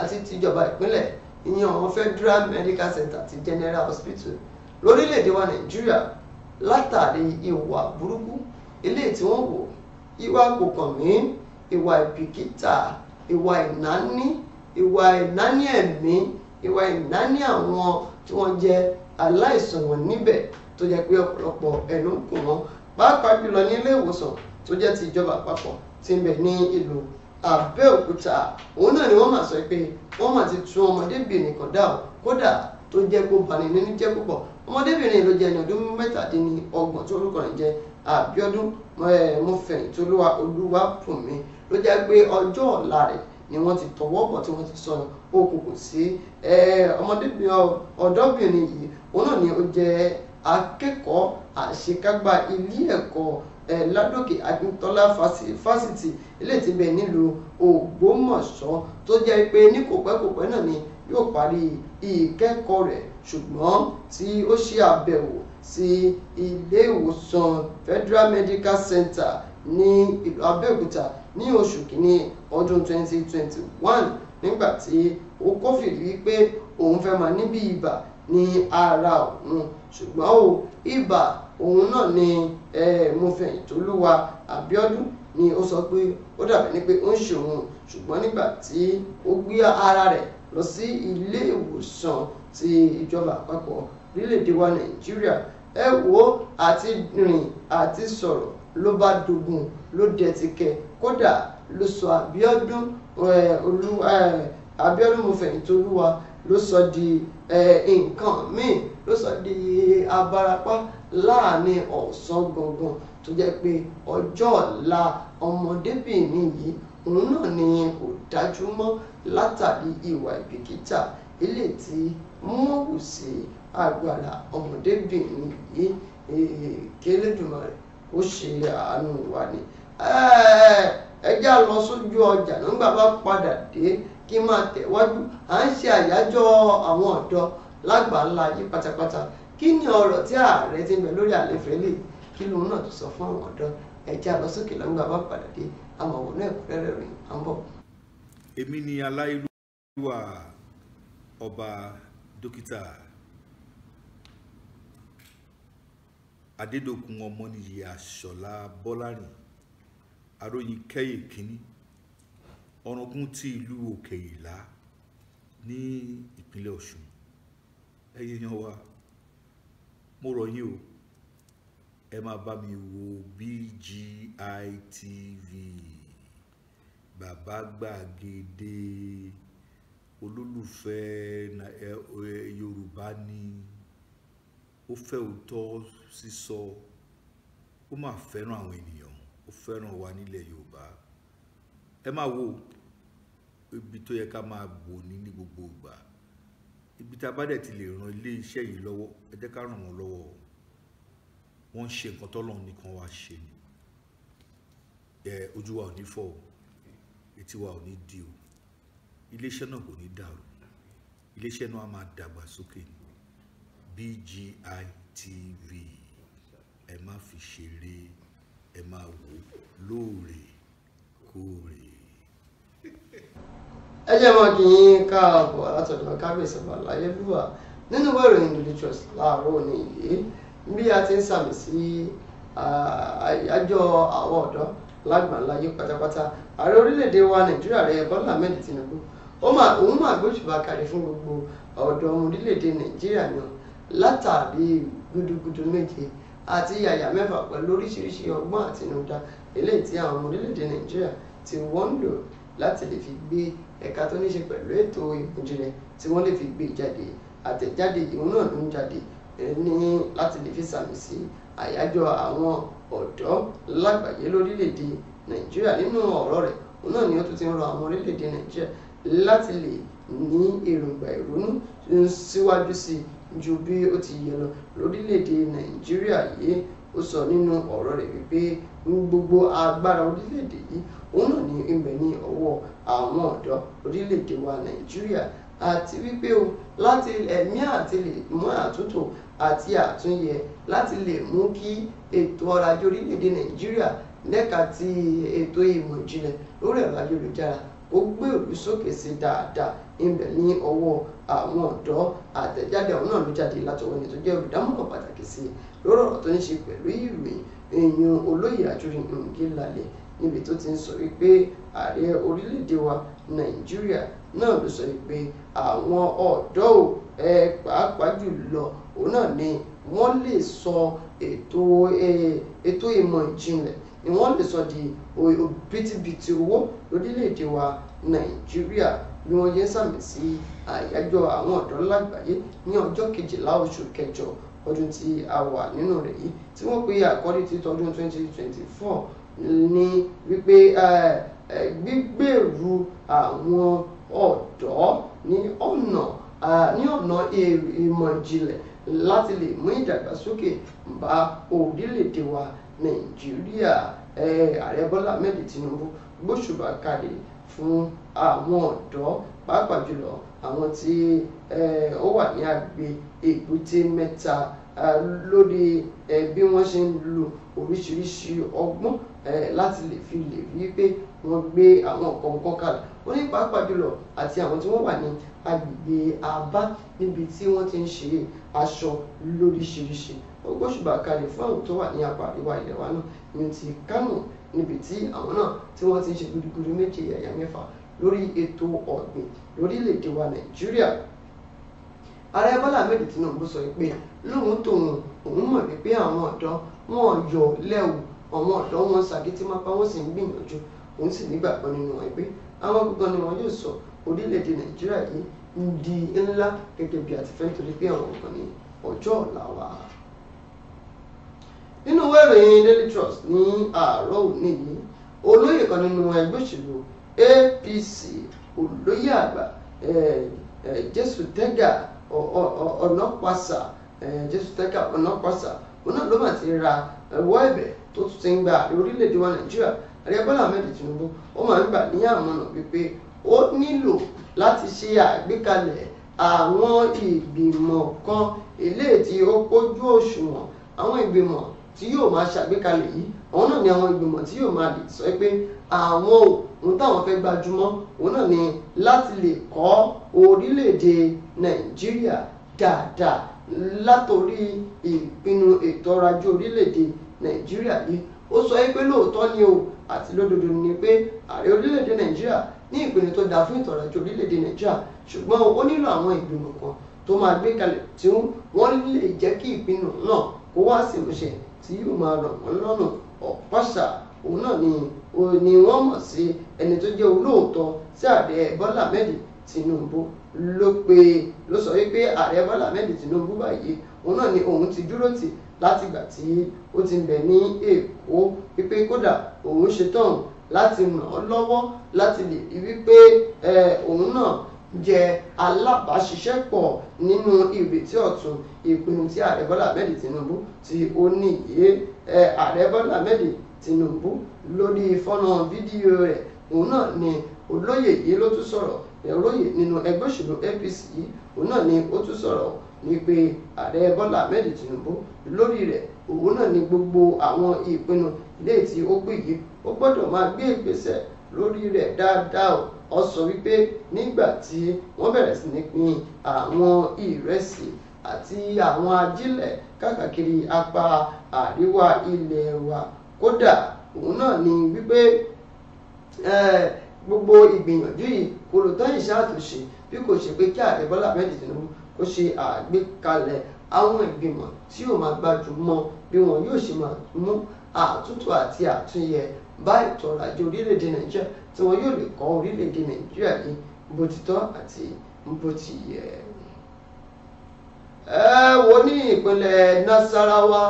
àti ti ìjọba ìpínlẹ̀ ìyẹn àwọn federal medical center ti general hospital lórílẹ̀‐èdè wa nàìjíríà látàrí ìwà burúkú eléyìí tí wọ́n wò ìwà kòkànmí ìwà ìbìkítà ìwà ìnáni ìwà ìnáni ẹ̀mí ìwà ìnáni àwọn tí wọ́n jẹ́ aláìsàn wọn níbẹ̀ tó jẹ́ pé ọ̀pọ̀lọpọ̀ ẹnu ń kùn wọn pàápàá jùlọ ní ilé ìwòsàn tó jẹ́ ti ìjọba àpapọ̀ tí ń bẹ ní ìlú Abẹ́òkúta òun náà ni wọ́n máa sọ pé wọ́n máa ti tún ọmọdébìnrin kan dá kódà tó jẹ́ kó bani nínú jẹ́ púpọ̀ ọmọdébìnrin ló jẹ́ ẹni ọdún mẹ́tàdínlọ́gbọ̀n tí orúkọ rẹ̀ jẹ́ Àbíọ́dún Mọ́fẹ̀yìntolúwa Olúwapùnmi ló jẹ́ pé ọjọ́ ọ̀la rẹ̀ ni wọ́n ti tọwọ́ bọ̀ tí wọ́n ti sọ òkùnkùn sí ọmọdébìnrin ọ̀dọ́bìnrin yìí òun náà ni ó jẹ́ akẹ́kọ̀ọ́ àṣekágbá ilé ẹ̀kọ́ ládòkè akíntọ́lá fásitì eléyìí ti bẹ̀ nílùú ògbómọ̀ṣọ́ tó jẹ́ pé ní kòpẹ́kòpẹ́ náà ni yóò parí ìkẹ́kọ̀ọ́ rẹ̀ ṣùgbọ́n tí ó ṣe àbẹ̀wò sí ilé ìwòsàn Federal Medical Center ní ìlú Abẹ́òkúta ní oṣù kìíní ọdún 2021 nígbà tí ó kófìrí wípé òun fẹ́ máa níbi ibà ní ara òun ṣùgbọ́n o ibà òun náà ni Mofẹ̀yìntolúwa Abíọ́dún ni ó sọ pé ó dàbí ni pé ó ń ṣe òun ṣùgbọ́n nígbà tí ó gbé ara rẹ̀ lọ sí ilé ìwòsàn ti ìjọba àpapọ̀ orílẹ̀-èdè wa nàìjíríà ẹ wo àti rìn àti sọ̀rọ̀ ló bá dogun ló dẹ̀ ti kẹ kódà ló sọ Abíọ́dún Abíọ́dún mufẹ̀yìntì olúwa ló sọ di nǹkan míì ló sọ di abarapá láàrin ọ̀sán gangan tó jẹ́ pé ọjọ́ ọ̀la ọmọdébìnrin yìí òun náà ni kò dájú mọ́ látàrí ìwà ìbìkítà eléyìí tí mọwùsì àgbàlá ọmọdébìnrin yìí eh, kẹlẹdùmarè ó ṣe àánú wa ni eh, ẹjá lọ ọjà nígbà bá padà dé kí n máa tẹ̀wájú à ń ṣe àyájọ́ àwọn ọ̀dọ́ lágbàńlá yìí pátápátá kí ni ọ̀rọ̀ tí ààrẹ ti ń bẹ lórí àlefẹ́ lè kí lóun náà tó sọ fún àwọn ọ̀dọ́ ẹjá lọ sókè lọ́gbà bá padà dé àmọ̀wò náà ẹ̀kúnrẹ́rẹ́ rìn à ń bọ̀. èmi ni aláìlúwà ọba dókítà adédọ̀kun ọmọnìyí àṣọlá bọ́lárìn aróyin kẹ́yè kínní ọ̀ràngún ti ìlú òkè ìlá ní ìpínlẹ̀ ọ̀ṣun ẹ̀yin yan wa mo rọ̀ yín o ẹ máa bá mi wo BGI TV bàbá gbàgede olólùfẹ́ yorùbá ni ó fẹ́ òótọ́ sísọ ó máa fẹ́ràn àwọn ènìyàn ó fẹ́ràn wa nílẹ̀ yorùbá ẹ máa wo ibi tó yẹ ká máa bò ní ní gbogbo ìgbà ibi tá a bá dẹ̀ ti lè ran ilé iṣẹ́ yìí lọ́wọ́ ẹ jẹ́ ká ràn wọ́n lọ́wọ́ wọ́n ń ṣe nǹkan tọ́lọ́run nìkan wá ṣe ni ojú wa ò ní fọ́ o etí wa ò ní di o iléeṣẹ́ náà kò ní dàrú iléeṣẹ́ náà á máa dàgbà sókè BGI TV ẹ má fi ṣeré ẹ máa wò lóòrèkóòrè. ẹ jẹ́ mọ́ kí yín káàbọ̀ látọ̀dọ̀ kábíyèsí ọba nínú ìwé ìròyìn láàárọ̀ a ti ń sàmì sí àjọ àwọn ọ̀dọ́ lágbàláyé pátápátá ààrẹ orílẹ̀-èdè wa Nàìjíríà rẹ̀ Bọ́lá Tinubu ó mà òun mà gbóṣùbà kárí fún gbogbo ọ̀dọ́ orílẹ̀-èdè nàìjíríà náà látàrí gúdúgúdú méje àti yàyà mẹ́fà pẹ̀lú oríṣiríṣi ọgbọ́n àtinúdá eléyìí tí àwọn ọmọ orílẹ̀-èdè nàìjíríà tí wọ́n ń lò láti lè fi gbé ẹ̀ka tó ní ṣe pẹ̀lú ètò ìmújìnlẹ̀ tí wọ́n lè fi gbé jáde àtẹ̀jáde ìhun náà ló ń jáde ní láti lè fi sàmì sí àyájọ́ àwọn ọ̀dọ́ lágbàáyé lórílẹ̀-èdè nàìjíríà nínú ọ̀rọ̀ rẹ̀ òun náà ni ó tún ti ń rọ àwọn orílẹ̀-èdè nàìjíríà láti lè ní èròǹgbà ìrònú síwájú sí ju bí ó ti yẹ lọ lórílẹ̀‐èdè nàìjíríà yìí ó sọ nínú ọ̀rọ̀ rẹ̀ wípé gbogbo agbára orílẹ̀‐èdè yìí òun náà ní ibẹ̀ ní ọwọ́ àwọn ọ̀dọ́ orílẹ̀‐èdè wa nàìjíríà àti wípé o láti ẹ̀mí àti lè mú àtúntò àti àtúnyẹ láti lè mú kí ètò ọrọ̀ ajé orílẹ̀‐èdè nàìjíríà lẹ́ka ti ètò ìmọ̀ ìjìnlẹ̀ lórí ẹ̀rọ ayélujára ó gbé ìlú sókè sí dáadáa ìbẹ̀ ní ọwọ́ àwọn ọ̀dọ́ àtẹ̀jáde àwọn náà ló jáde látọwọ́ ẹni tó jẹ́ olùdámọ̀ràn pàtàkì sí i lórí ọ̀rọ̀ tó ní ṣe pẹ̀lú ìròyìn èèyàn olóyè àjòyìn ngilalẹ̀ níbi tó ti ń sọ wípé ààrẹ orílẹ̀-èdè wa nàìjíríà náà ló sọ wípé àwọn ọ̀dọ́ ò ẹ pàápàá jùlọ òun náà ni wọ́n lè sọ ètò ètò ìmọ̀ ìjìnlẹ̀ ni wọ́n lè sọ di òbítíbitì owó lórílẹ̀‐èdè wa nàìjíríà Ni wọ́n yẹ sàmì sí àyájọ́ àwọn ọ̀dọ́ lágbàáyé ní ọjọ́ kejìlá oṣù kẹjọ ọdún tí a wà nínú rẹ̀ yìí tí wọ́n pe àkọ́rí ti tọdún 2024 ní wípé eh, eh, gbígbèrú àwọn ọ̀dọ́ ní ọ̀nà ah, ìmọ̀ ìjìnlẹ̀ láti lè mú ìdàgbàsókè bá orílẹ̀-èdè wa nàìjíríà ààrẹ bọ́lá ahmed tinubu gbóṣùbà kalẹ̀ fún àwọn ọ̀dọ́ pàápàá jùlọ àwọn tí ó wà ní agbe èbúté mẹ́ta lórí bí wọ́n ṣe ń lo oríṣiríṣi ọgbọ́n láti lè fi lè rí pé wọ́n gbé àwọn nǹkan kan kalẹ̀ ó ní pàápàá jùlọ àti àwọn tí wọ́n wà ní agbègbè àbá níbi tí wọ́n ti ń ṣe aṣọ lóríṣiríṣi ó gbóṣùbà kalẹ̀ fún àwọn tó wà ní apá àríwá ilẹ̀ wa náà ní ti Kánò níbi tí àwọn náà tí wọ́n ti ń ṣe gudugudu méje yàyà mẹ́fà lórí ètò ọ̀gbìn lórílẹ̀‐èdè wa Nàìjíríà ààrẹ Bọ́lá Ahmed Tinubu sọ pé lóun tòun òun mọ̀ wípé àwọn ọ̀dọ́ wọn yọ̀ lẹ́wù àwọn ọ̀dọ́ wọn ṣàkítímápá wọn sì ń gbìyànjú òun sì nígbàgbọ́ nínú wọn pé àwọn gbọ́ngàn ni wọn yóò sọ orílẹ̀-èdè nàìjíríà yìí ń di ńlá gẹ́gẹ́ bí a ti fẹ́ nítorí pé àwọn kan ní ọjọ́ ọ̀la wa. nínú ìwé ìròyìn daily trust ní àárọ̀ òní yìí olóyè kan nínú ẹgbẹ́ òṣèlú apc olóyè àgbà jésù tẹ́gà ọ̀nàpàṣà jésù tẹ́gà ọ̀nàpàṣà òun náà ló mà ti ra ẹ̀wọ́ ẹ̀bẹ̀ tó tún ti ń gba orílẹ̀-èdè wa nàìjíríà ààrẹ bọ́lá ahmed tinubu ó máa ń gbà ní àmọ̀ràn wípé ó nílò láti ṣe àgbékalẹ̀ àwọn ìgbìmọ̀ kan eléyìí tí ó pójú òṣùwọ̀n àwọn ìgbìmọ̀ tí yóò máa ṣàgbékalẹ̀ yìí àwọn náà ni àwọn ìgbìmọ̀ tí yóò máa lè sọ pé àwọn ò ohun táwọn fẹ́ gbajúmọ̀ òun náà ni láti lè kọ́ orílẹ̀-èdè nàìjíríà dáadáa látòrí ìpinnu ètò ọrọ̀ ajé orílẹ̀-èdè nàìjíríà yìí ó sọ pé lóòótọ́ ni o àti lódodo ni pé ààrẹ orílẹ̀-èdè nàìjíríà ní ìpinnu tó dáa fún ìtọ̀rọ̀ àjò orílẹ̀-èdè nàìjíríà ṣùgbọ́n ó nílò àwọn ìgbìmọ̀ kan tó máa gbé kalẹ̀ tí wọ́n lè jẹ́ kí ìpinnu náà kó wá sí ìmúṣẹ tí yóò máa ràn wọ́n lọ́nà ọ̀pọ̀ṣà òun náà ni ni wọ́n mọ̀ sí ẹni tó jẹ́ olóòótọ́ sí ààrẹ bọ́lá ahmed tinubu ló pe ló sọ wípé ààrẹ bọ́lá ahmed tinubu báyìí òun náà ni òun ti dúró tì látìgbà tí ó ti ń bẹ ní èkó wípé kódà òun ṣetán láti ràn án lọ́wọ́ láti lè rí wípé òun náà jẹ alábàáṣiṣẹ́pọ̀ nínú ìrètí ọ̀tun ìpinnu tí ààrẹ bọ́lá ahmed tinubu tí ó ní ìyé ààrẹ bọ́lá ahmed tinubu lórí fọ́nà fídíò rẹ̀ òun náà ni olóyè yìí ló tún sọ̀rọ̀ olóyè nínú ẹgbẹ́ òṣèlú apc yìí òun náà ni ó tún sọ̀rọ̀ ni pé ààrẹ bọ́lá ahmed tinubu lórí rẹ̀ òun náà ni gbogbo àwọn ìpinnu ilé tí ó gbé yìí ó gbọ́dọ̀ máa gbé ìgbésẹ̀ lórí rẹ̀ dáadáa o ọ sọ wípé nígbà tí wọ́n bẹ̀rẹ̀ sí ní pín àwọn ìrẹsì àti àwọn ajílẹ̀ káàkiri apá àríwá ilẹ̀ wa kódà òun náà ni wípé gbogbo ìgbìyànjú yìí kò lò tán bí kò ṣe pé kí ààrẹ bọ́lá ahmed tinubu ó ṣe àgbékalẹ̀ àwọn ìgbìmọ̀ tí yóò máa gbájú mọ́ bí wọn yóò ṣe máa mú àtúntò àti àtúnyẹ bá ètò ọrọ̀ ajé orílẹ̀-èdè nàìjíríà tí wọn yóò lè kọ́ orílẹ̀-èdè nàìjíríà ní bó ti tọ́ àti bó ti yẹ. ẹ wo ní ìpínlẹ̀ nasarawa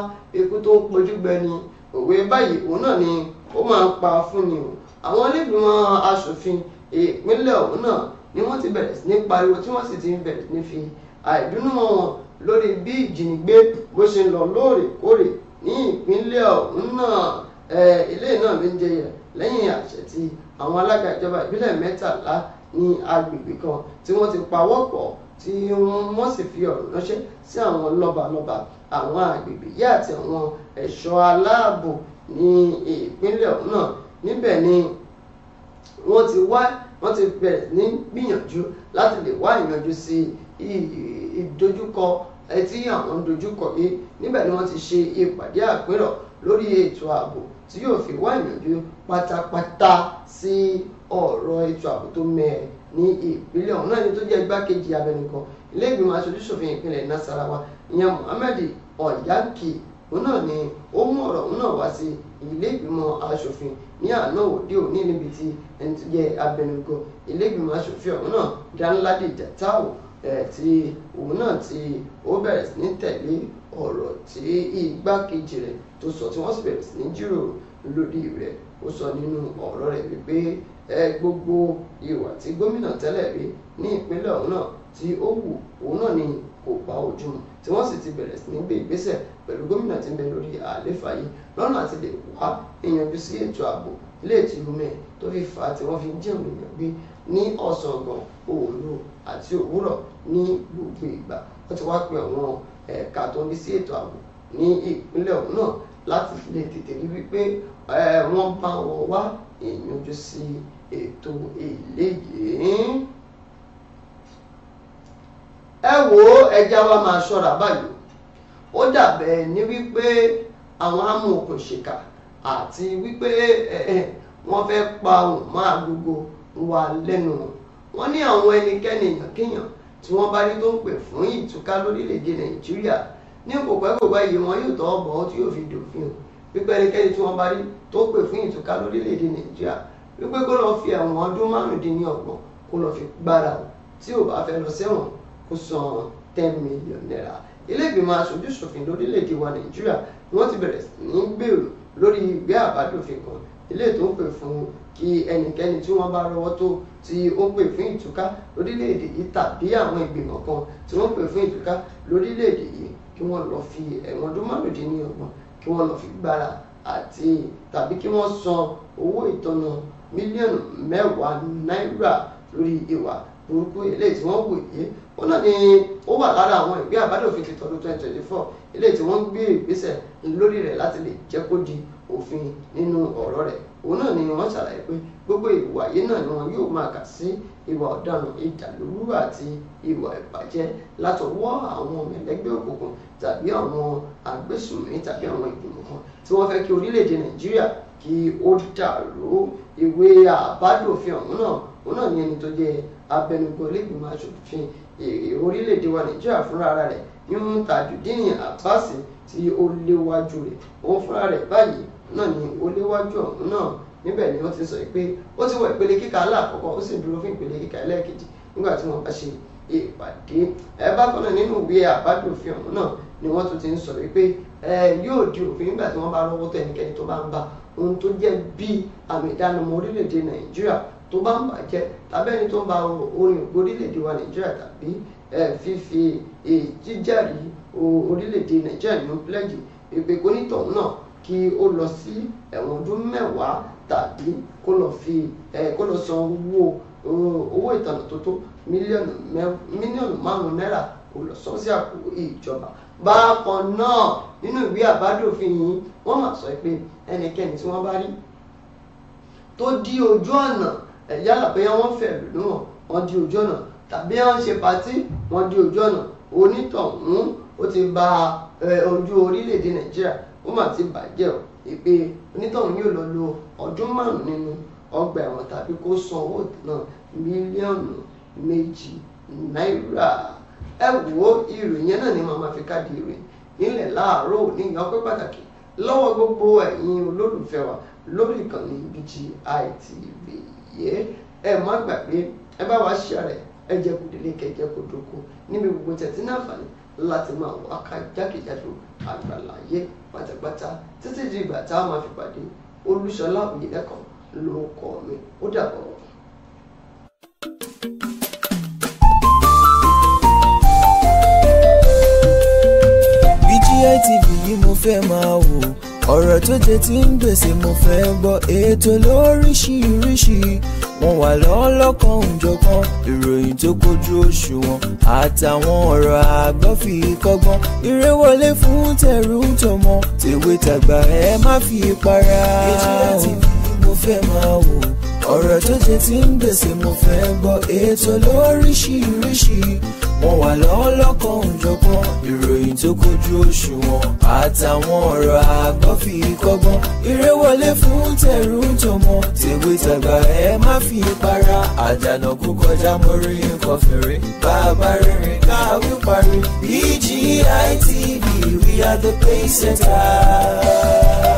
ikú tó ń pojú gbẹni òwe báyìí òun náà ni ó máa ń pa fúnni o àwọn onígbìmọ̀ asòfin ìpínlẹ̀ òun náà ni wọ́n ti bẹ̀rẹ̀ sí ní pariwo tí wọ́n sì ti bẹ̀rẹ̀ sí ní fi àìdùnnú wọn lórí bí ìjìnigbé bó ṣe ń lọ lóòrèkóòrè ní ìpínlẹ̀ ọ̀hún náà ilé náà ló ń jẹyẹ lẹ́yìn àṣẹ ti àwọn alága ìjọba ìbílẹ̀ mẹ́tàlá ní agbègbè kan tí wọ́n ti pawọ́ pọ̀ tí wọ́n sì fi ọ̀rọ̀ ránṣẹ́ sí àwọn lọ́balọ́ba àwọn agbègbè yìí àti àwọn ẹ̀ṣọ́ aláàbò ní ìpínlẹ̀ ọ̀hún náà níbẹ̀ ni wọ́n ti wá wọ́n ti bẹ̀rẹ̀ ní gbìyànjú láti lè wá ìyanjú sí ìdojúkọ tí àwọn ń dojúkọ yìí níbẹ̀ ni wọ́n ti ṣe ìpàdé àpérò lórí ètò ààbò tí yóò fi wá ìyànjú pátápátá sí ọ̀rọ̀ ètò ààbò tó mẹ́ẹ̀ ní ìpínlẹ̀ ọ̀hún náà ni tó jẹ́ igbákejì abẹnugan ilé ìgbìmọ̀ aṣojúṣòfin ìpínlẹ̀ nasarawa ìyẹn muhammed ọ̀yáǹkì òun náà ni ó mú ọ̀rọ̀ òun náà wá sí ilé ìgbìmọ̀ aṣòfin ní àná òde òní níbi tí ẹni tó jẹ́ abẹnugan ilé ìgbìmọ̀ aṣòfin ọ̀hún náà dánládì jàtáwò tí òun náà tí ó bẹ̀rẹ̀ sí ní tẹ̀lé ọ̀rọ̀ tí igbákejì rẹ̀ tó sọ tí wọ́n sì bẹ̀rẹ̀ sí ní jíròrò lórí rẹ̀ ó sọ nínú ọ̀rọ̀ rẹ̀ wípé ẹ gbogbo ìwà tí gómìnà tẹ́lẹ̀ rí ní ìpínlẹ̀ ọ̀hún náà tí ó wù òun náà ni kò bá ojú mu tí wọ́n sì ti bẹ̀rẹ̀ sí ní gbé ìgbésẹ̀ pẹ̀lú gómìnà tí ń bẹ lórí àléfà yìí lọ́nà àti lè wá ìyanjú sí ètò ààbò ilé ìtìlú mẹ́ẹ̀ tó fi fà á tí wọ́n fi jẹun ìyàn gbé ní ọ̀sán gan òòlù àti òwúrọ̀ ní gbogbo ìgbà wọ́n ti wá pe àwọn ẹ̀ka tó ń bí sí ètò ààbò ní ìpínlẹ̀ ọ̀hún náà láti lè tètè rí wípé wọ́n bá wọn wá ìyanjú sí ètò eléyìí. ẹ wo ẹja wa máa ṣọ́ra báyìí ó dàbẹ̀ ní wípé àwọn amòòkùnṣìkà àti wípé wọ́n fẹ́ pa ohùn mọ́ agogo wa lẹ́nu wọn wọ́n ní àwọn ẹnikẹ́ni èèyànkéèyàn tí wọ́n bá rí tó ń pè fún ìtúká lórílẹ̀‐èdè nàìjíríà ní kòpẹ́kòpẹ́ yìí wọn yóò tọ́ bọ̀ ọ́ tí yóò fi dòfin o wípé ẹnikẹ́ni tí wọ́n bá rí tó pè fún ìtúká lórílẹ̀‐èdè nàìjíríà wípé kó lọ́ọ́ fi ẹ̀wọ̀n ọdún márùndínlọ́gbọ̀n kó lọ́ọ́ fi gbára o tí ò bá fẹ́ lọ sẹ́wọ̀n kó san ten million naira ilé ìgbìmọ̀ aṣojú ṣòfin lórílẹ̀‐èdè wa nàìjíríà wọ́n ti bẹ̀rẹ̀ ní gbèrò lórí ìgbé àbádòfin kan ilé tó ń pè fún kí ẹnikẹ́ni tí wọ́n bá rọwọ́ tó tí ó ń pè fún ìtúká lórílẹ̀‐èdè yìí tàbí àwọn ìgbìmọ̀ kan tí wọ́n ń pè fún ìtúká lórílẹ̀‐èdè yìí kí wọ́n lọ fi ẹ̀wọ̀n ọdún márùndínlọ́gbọ̀n kí wọ́n lọ fi gbára àti tàbí kí wọ́n san owó ìtanà mílíọ̀nù mẹ́wàá náírà lórí ìwà burúkú eléyìí tí wọ́n wò yìí ó náà ni ó wà lára àwọn ìwé àbádòfin ti tọdún twenty twenty four eléyìí tí wọ́n ń gbé ìgbésẹ̀ lórí rẹ̀ láti lè jẹ́ kó di òfin nínú ọ̀rọ̀ rẹ̀ òun náà ni wọ́n ṣàlàyé pé gbogbo ìwà yìí náà ni wọn yóò máa kà sí ìwà ọ̀daràn ìdàlúrú àti ìwà ìbàjẹ́ látọwọ́ àwọn mẹ̀lẹ́gbẹ́ òkùnkùn tàbí àwọn agbésùnmí tàbí àwọn ìgbìmọ̀ kan tí wọ́n fẹ́ kí orílẹ̀-èdè nàìjíríà kí ó dàrú ìwé àbádòfin ọ̀hún náà òun náà ni ẹni tó jẹ́ abẹnugan olóògbìmọ̀ aṣòfin orílẹ̀-èdè wa nàìjíríà fúnra rẹ̀ ní Tajudeen Abbas tí ó léwájú rẹ̀ òun fúnra rẹ̀ báyìí náà ni oléwájú ọ̀hún náà níbẹ̀ ni wọ́n ti sọ pé ó ti wọ ìpele kíkà aláàkọ́kọ́ ó sì dúró fún ìpele kíkà ẹlẹ́ẹ̀kejì nígbà tí wọ́n bá ṣe ìpàdé ẹ bákan náà nínú ìwé àbádòfin ọ̀hún náà ni wọ́n tún ti ń sọ wípé ẹ yóò di òfin nígbà tí wọ́n bá rọ́wọ́ tó ẹnikẹ́ni tó bá ń bá ohun tó jẹ́ bíi àmì ìdánimọ̀ orílẹ̀-èdè nàìjíríà tó bá ń bàjẹ́ tàbẹ́ni tó ń ba orin ògbó orílẹ̀-èdè wa nàìjíríà tàbí fífi jíjẹ́rìí orílẹ̀-èdè nàìjíríà ní pílẹ́jì ìpèkónítọ̀hún náà kí ó lọ sí ẹ̀wọ̀n ọdún mẹ́wàá tàbí kó lọ fi kó lọ san owó owó ìtànà tó tó mílíọ̀nù márùn-ún náírà kó lọ sọ sí àpò ìjọba bákan náà nínú ìwé àbádòfin yìí wọ́n máa sọ pé ẹnikẹ́ni tí wọ́n bá rí tó di ojú ọ̀nà yálà bóyá wọ́n fẹ́ lù wọ́n wọ́n di ojú ọ̀nà tàbí wọ́n ṣe patí wọ́n di ojú ọ̀nà onítọ̀hún ó ti bà ojú orílẹ̀-èdè nàìjíríà ó mà ti bàjẹ́ o ìpè onítọ̀hún yóò lọ lo ọdún márùn-ún nínú ọgbà ẹ̀wọ̀n tàbí kó san owó náà mílíọ̀nù méjì náírà ẹ wo ìròyìn náà ni màmá fi káàdì ìròyìn nílẹ̀ láàárọ̀ òní ìyá ọpẹ́ pàtàkì lọ́wọ́ gbogbo ẹ̀yin olólùfẹ́ wa lórí ìkànnì BGI TV yé ẹ má gbàgbé ẹ bá wa ṣe rẹ̀ ẹ jẹ́ kó délé kẹ́ ẹ jẹ́ kó dóko níbi gbogbo tẹ̀sí náà fàlẹ́ láti máa wá ká jákèjádò àgbàláyé pátápátá títí di ìgbà tá a máa fi pàdé olúṣọlá òyìnlẹ́kan ló ń kọ́ mi ó dàbọ̀. BGI TV yìí mo fẹ́ máa wò ọ̀rọ̀ tó jẹ ti ń gbèsè mo fẹ́ gbọ́ ètò lóríṣiríṣi wọn wà lọ́lọ́kan òjọ̀kan ìròyìn tó kojú òṣùwọ̀n àtàwọn ọ̀rọ̀ àgbọ́ fi kọ́gbọ́n eré wọlé fún tẹ̀rù tọmọ tèwe tàgbà ẹ má fi para ètò láti bí mo fẹ́ máa wò ọ̀rọ̀ tó jẹ ti ń gbèsè mo fẹ́ gbọ́ ètò lóríṣiríṣi wọ́n wà lọ́wọ́ lọ́kọ̀ òjọ̀gbọ́n ìròyìn tó kojú òṣùwọ̀n àtàwọn ọ̀rọ̀ àgbọ́ fi kọ́gbọ́n eré wọlé fún tẹ̀rù tọmọ tèwe tàgbà ẹ má fi para àjànà kú kọjá mo rí nǹkan fèrè bàbá rìnrìn káwí parí BGI e TV we are the pace setter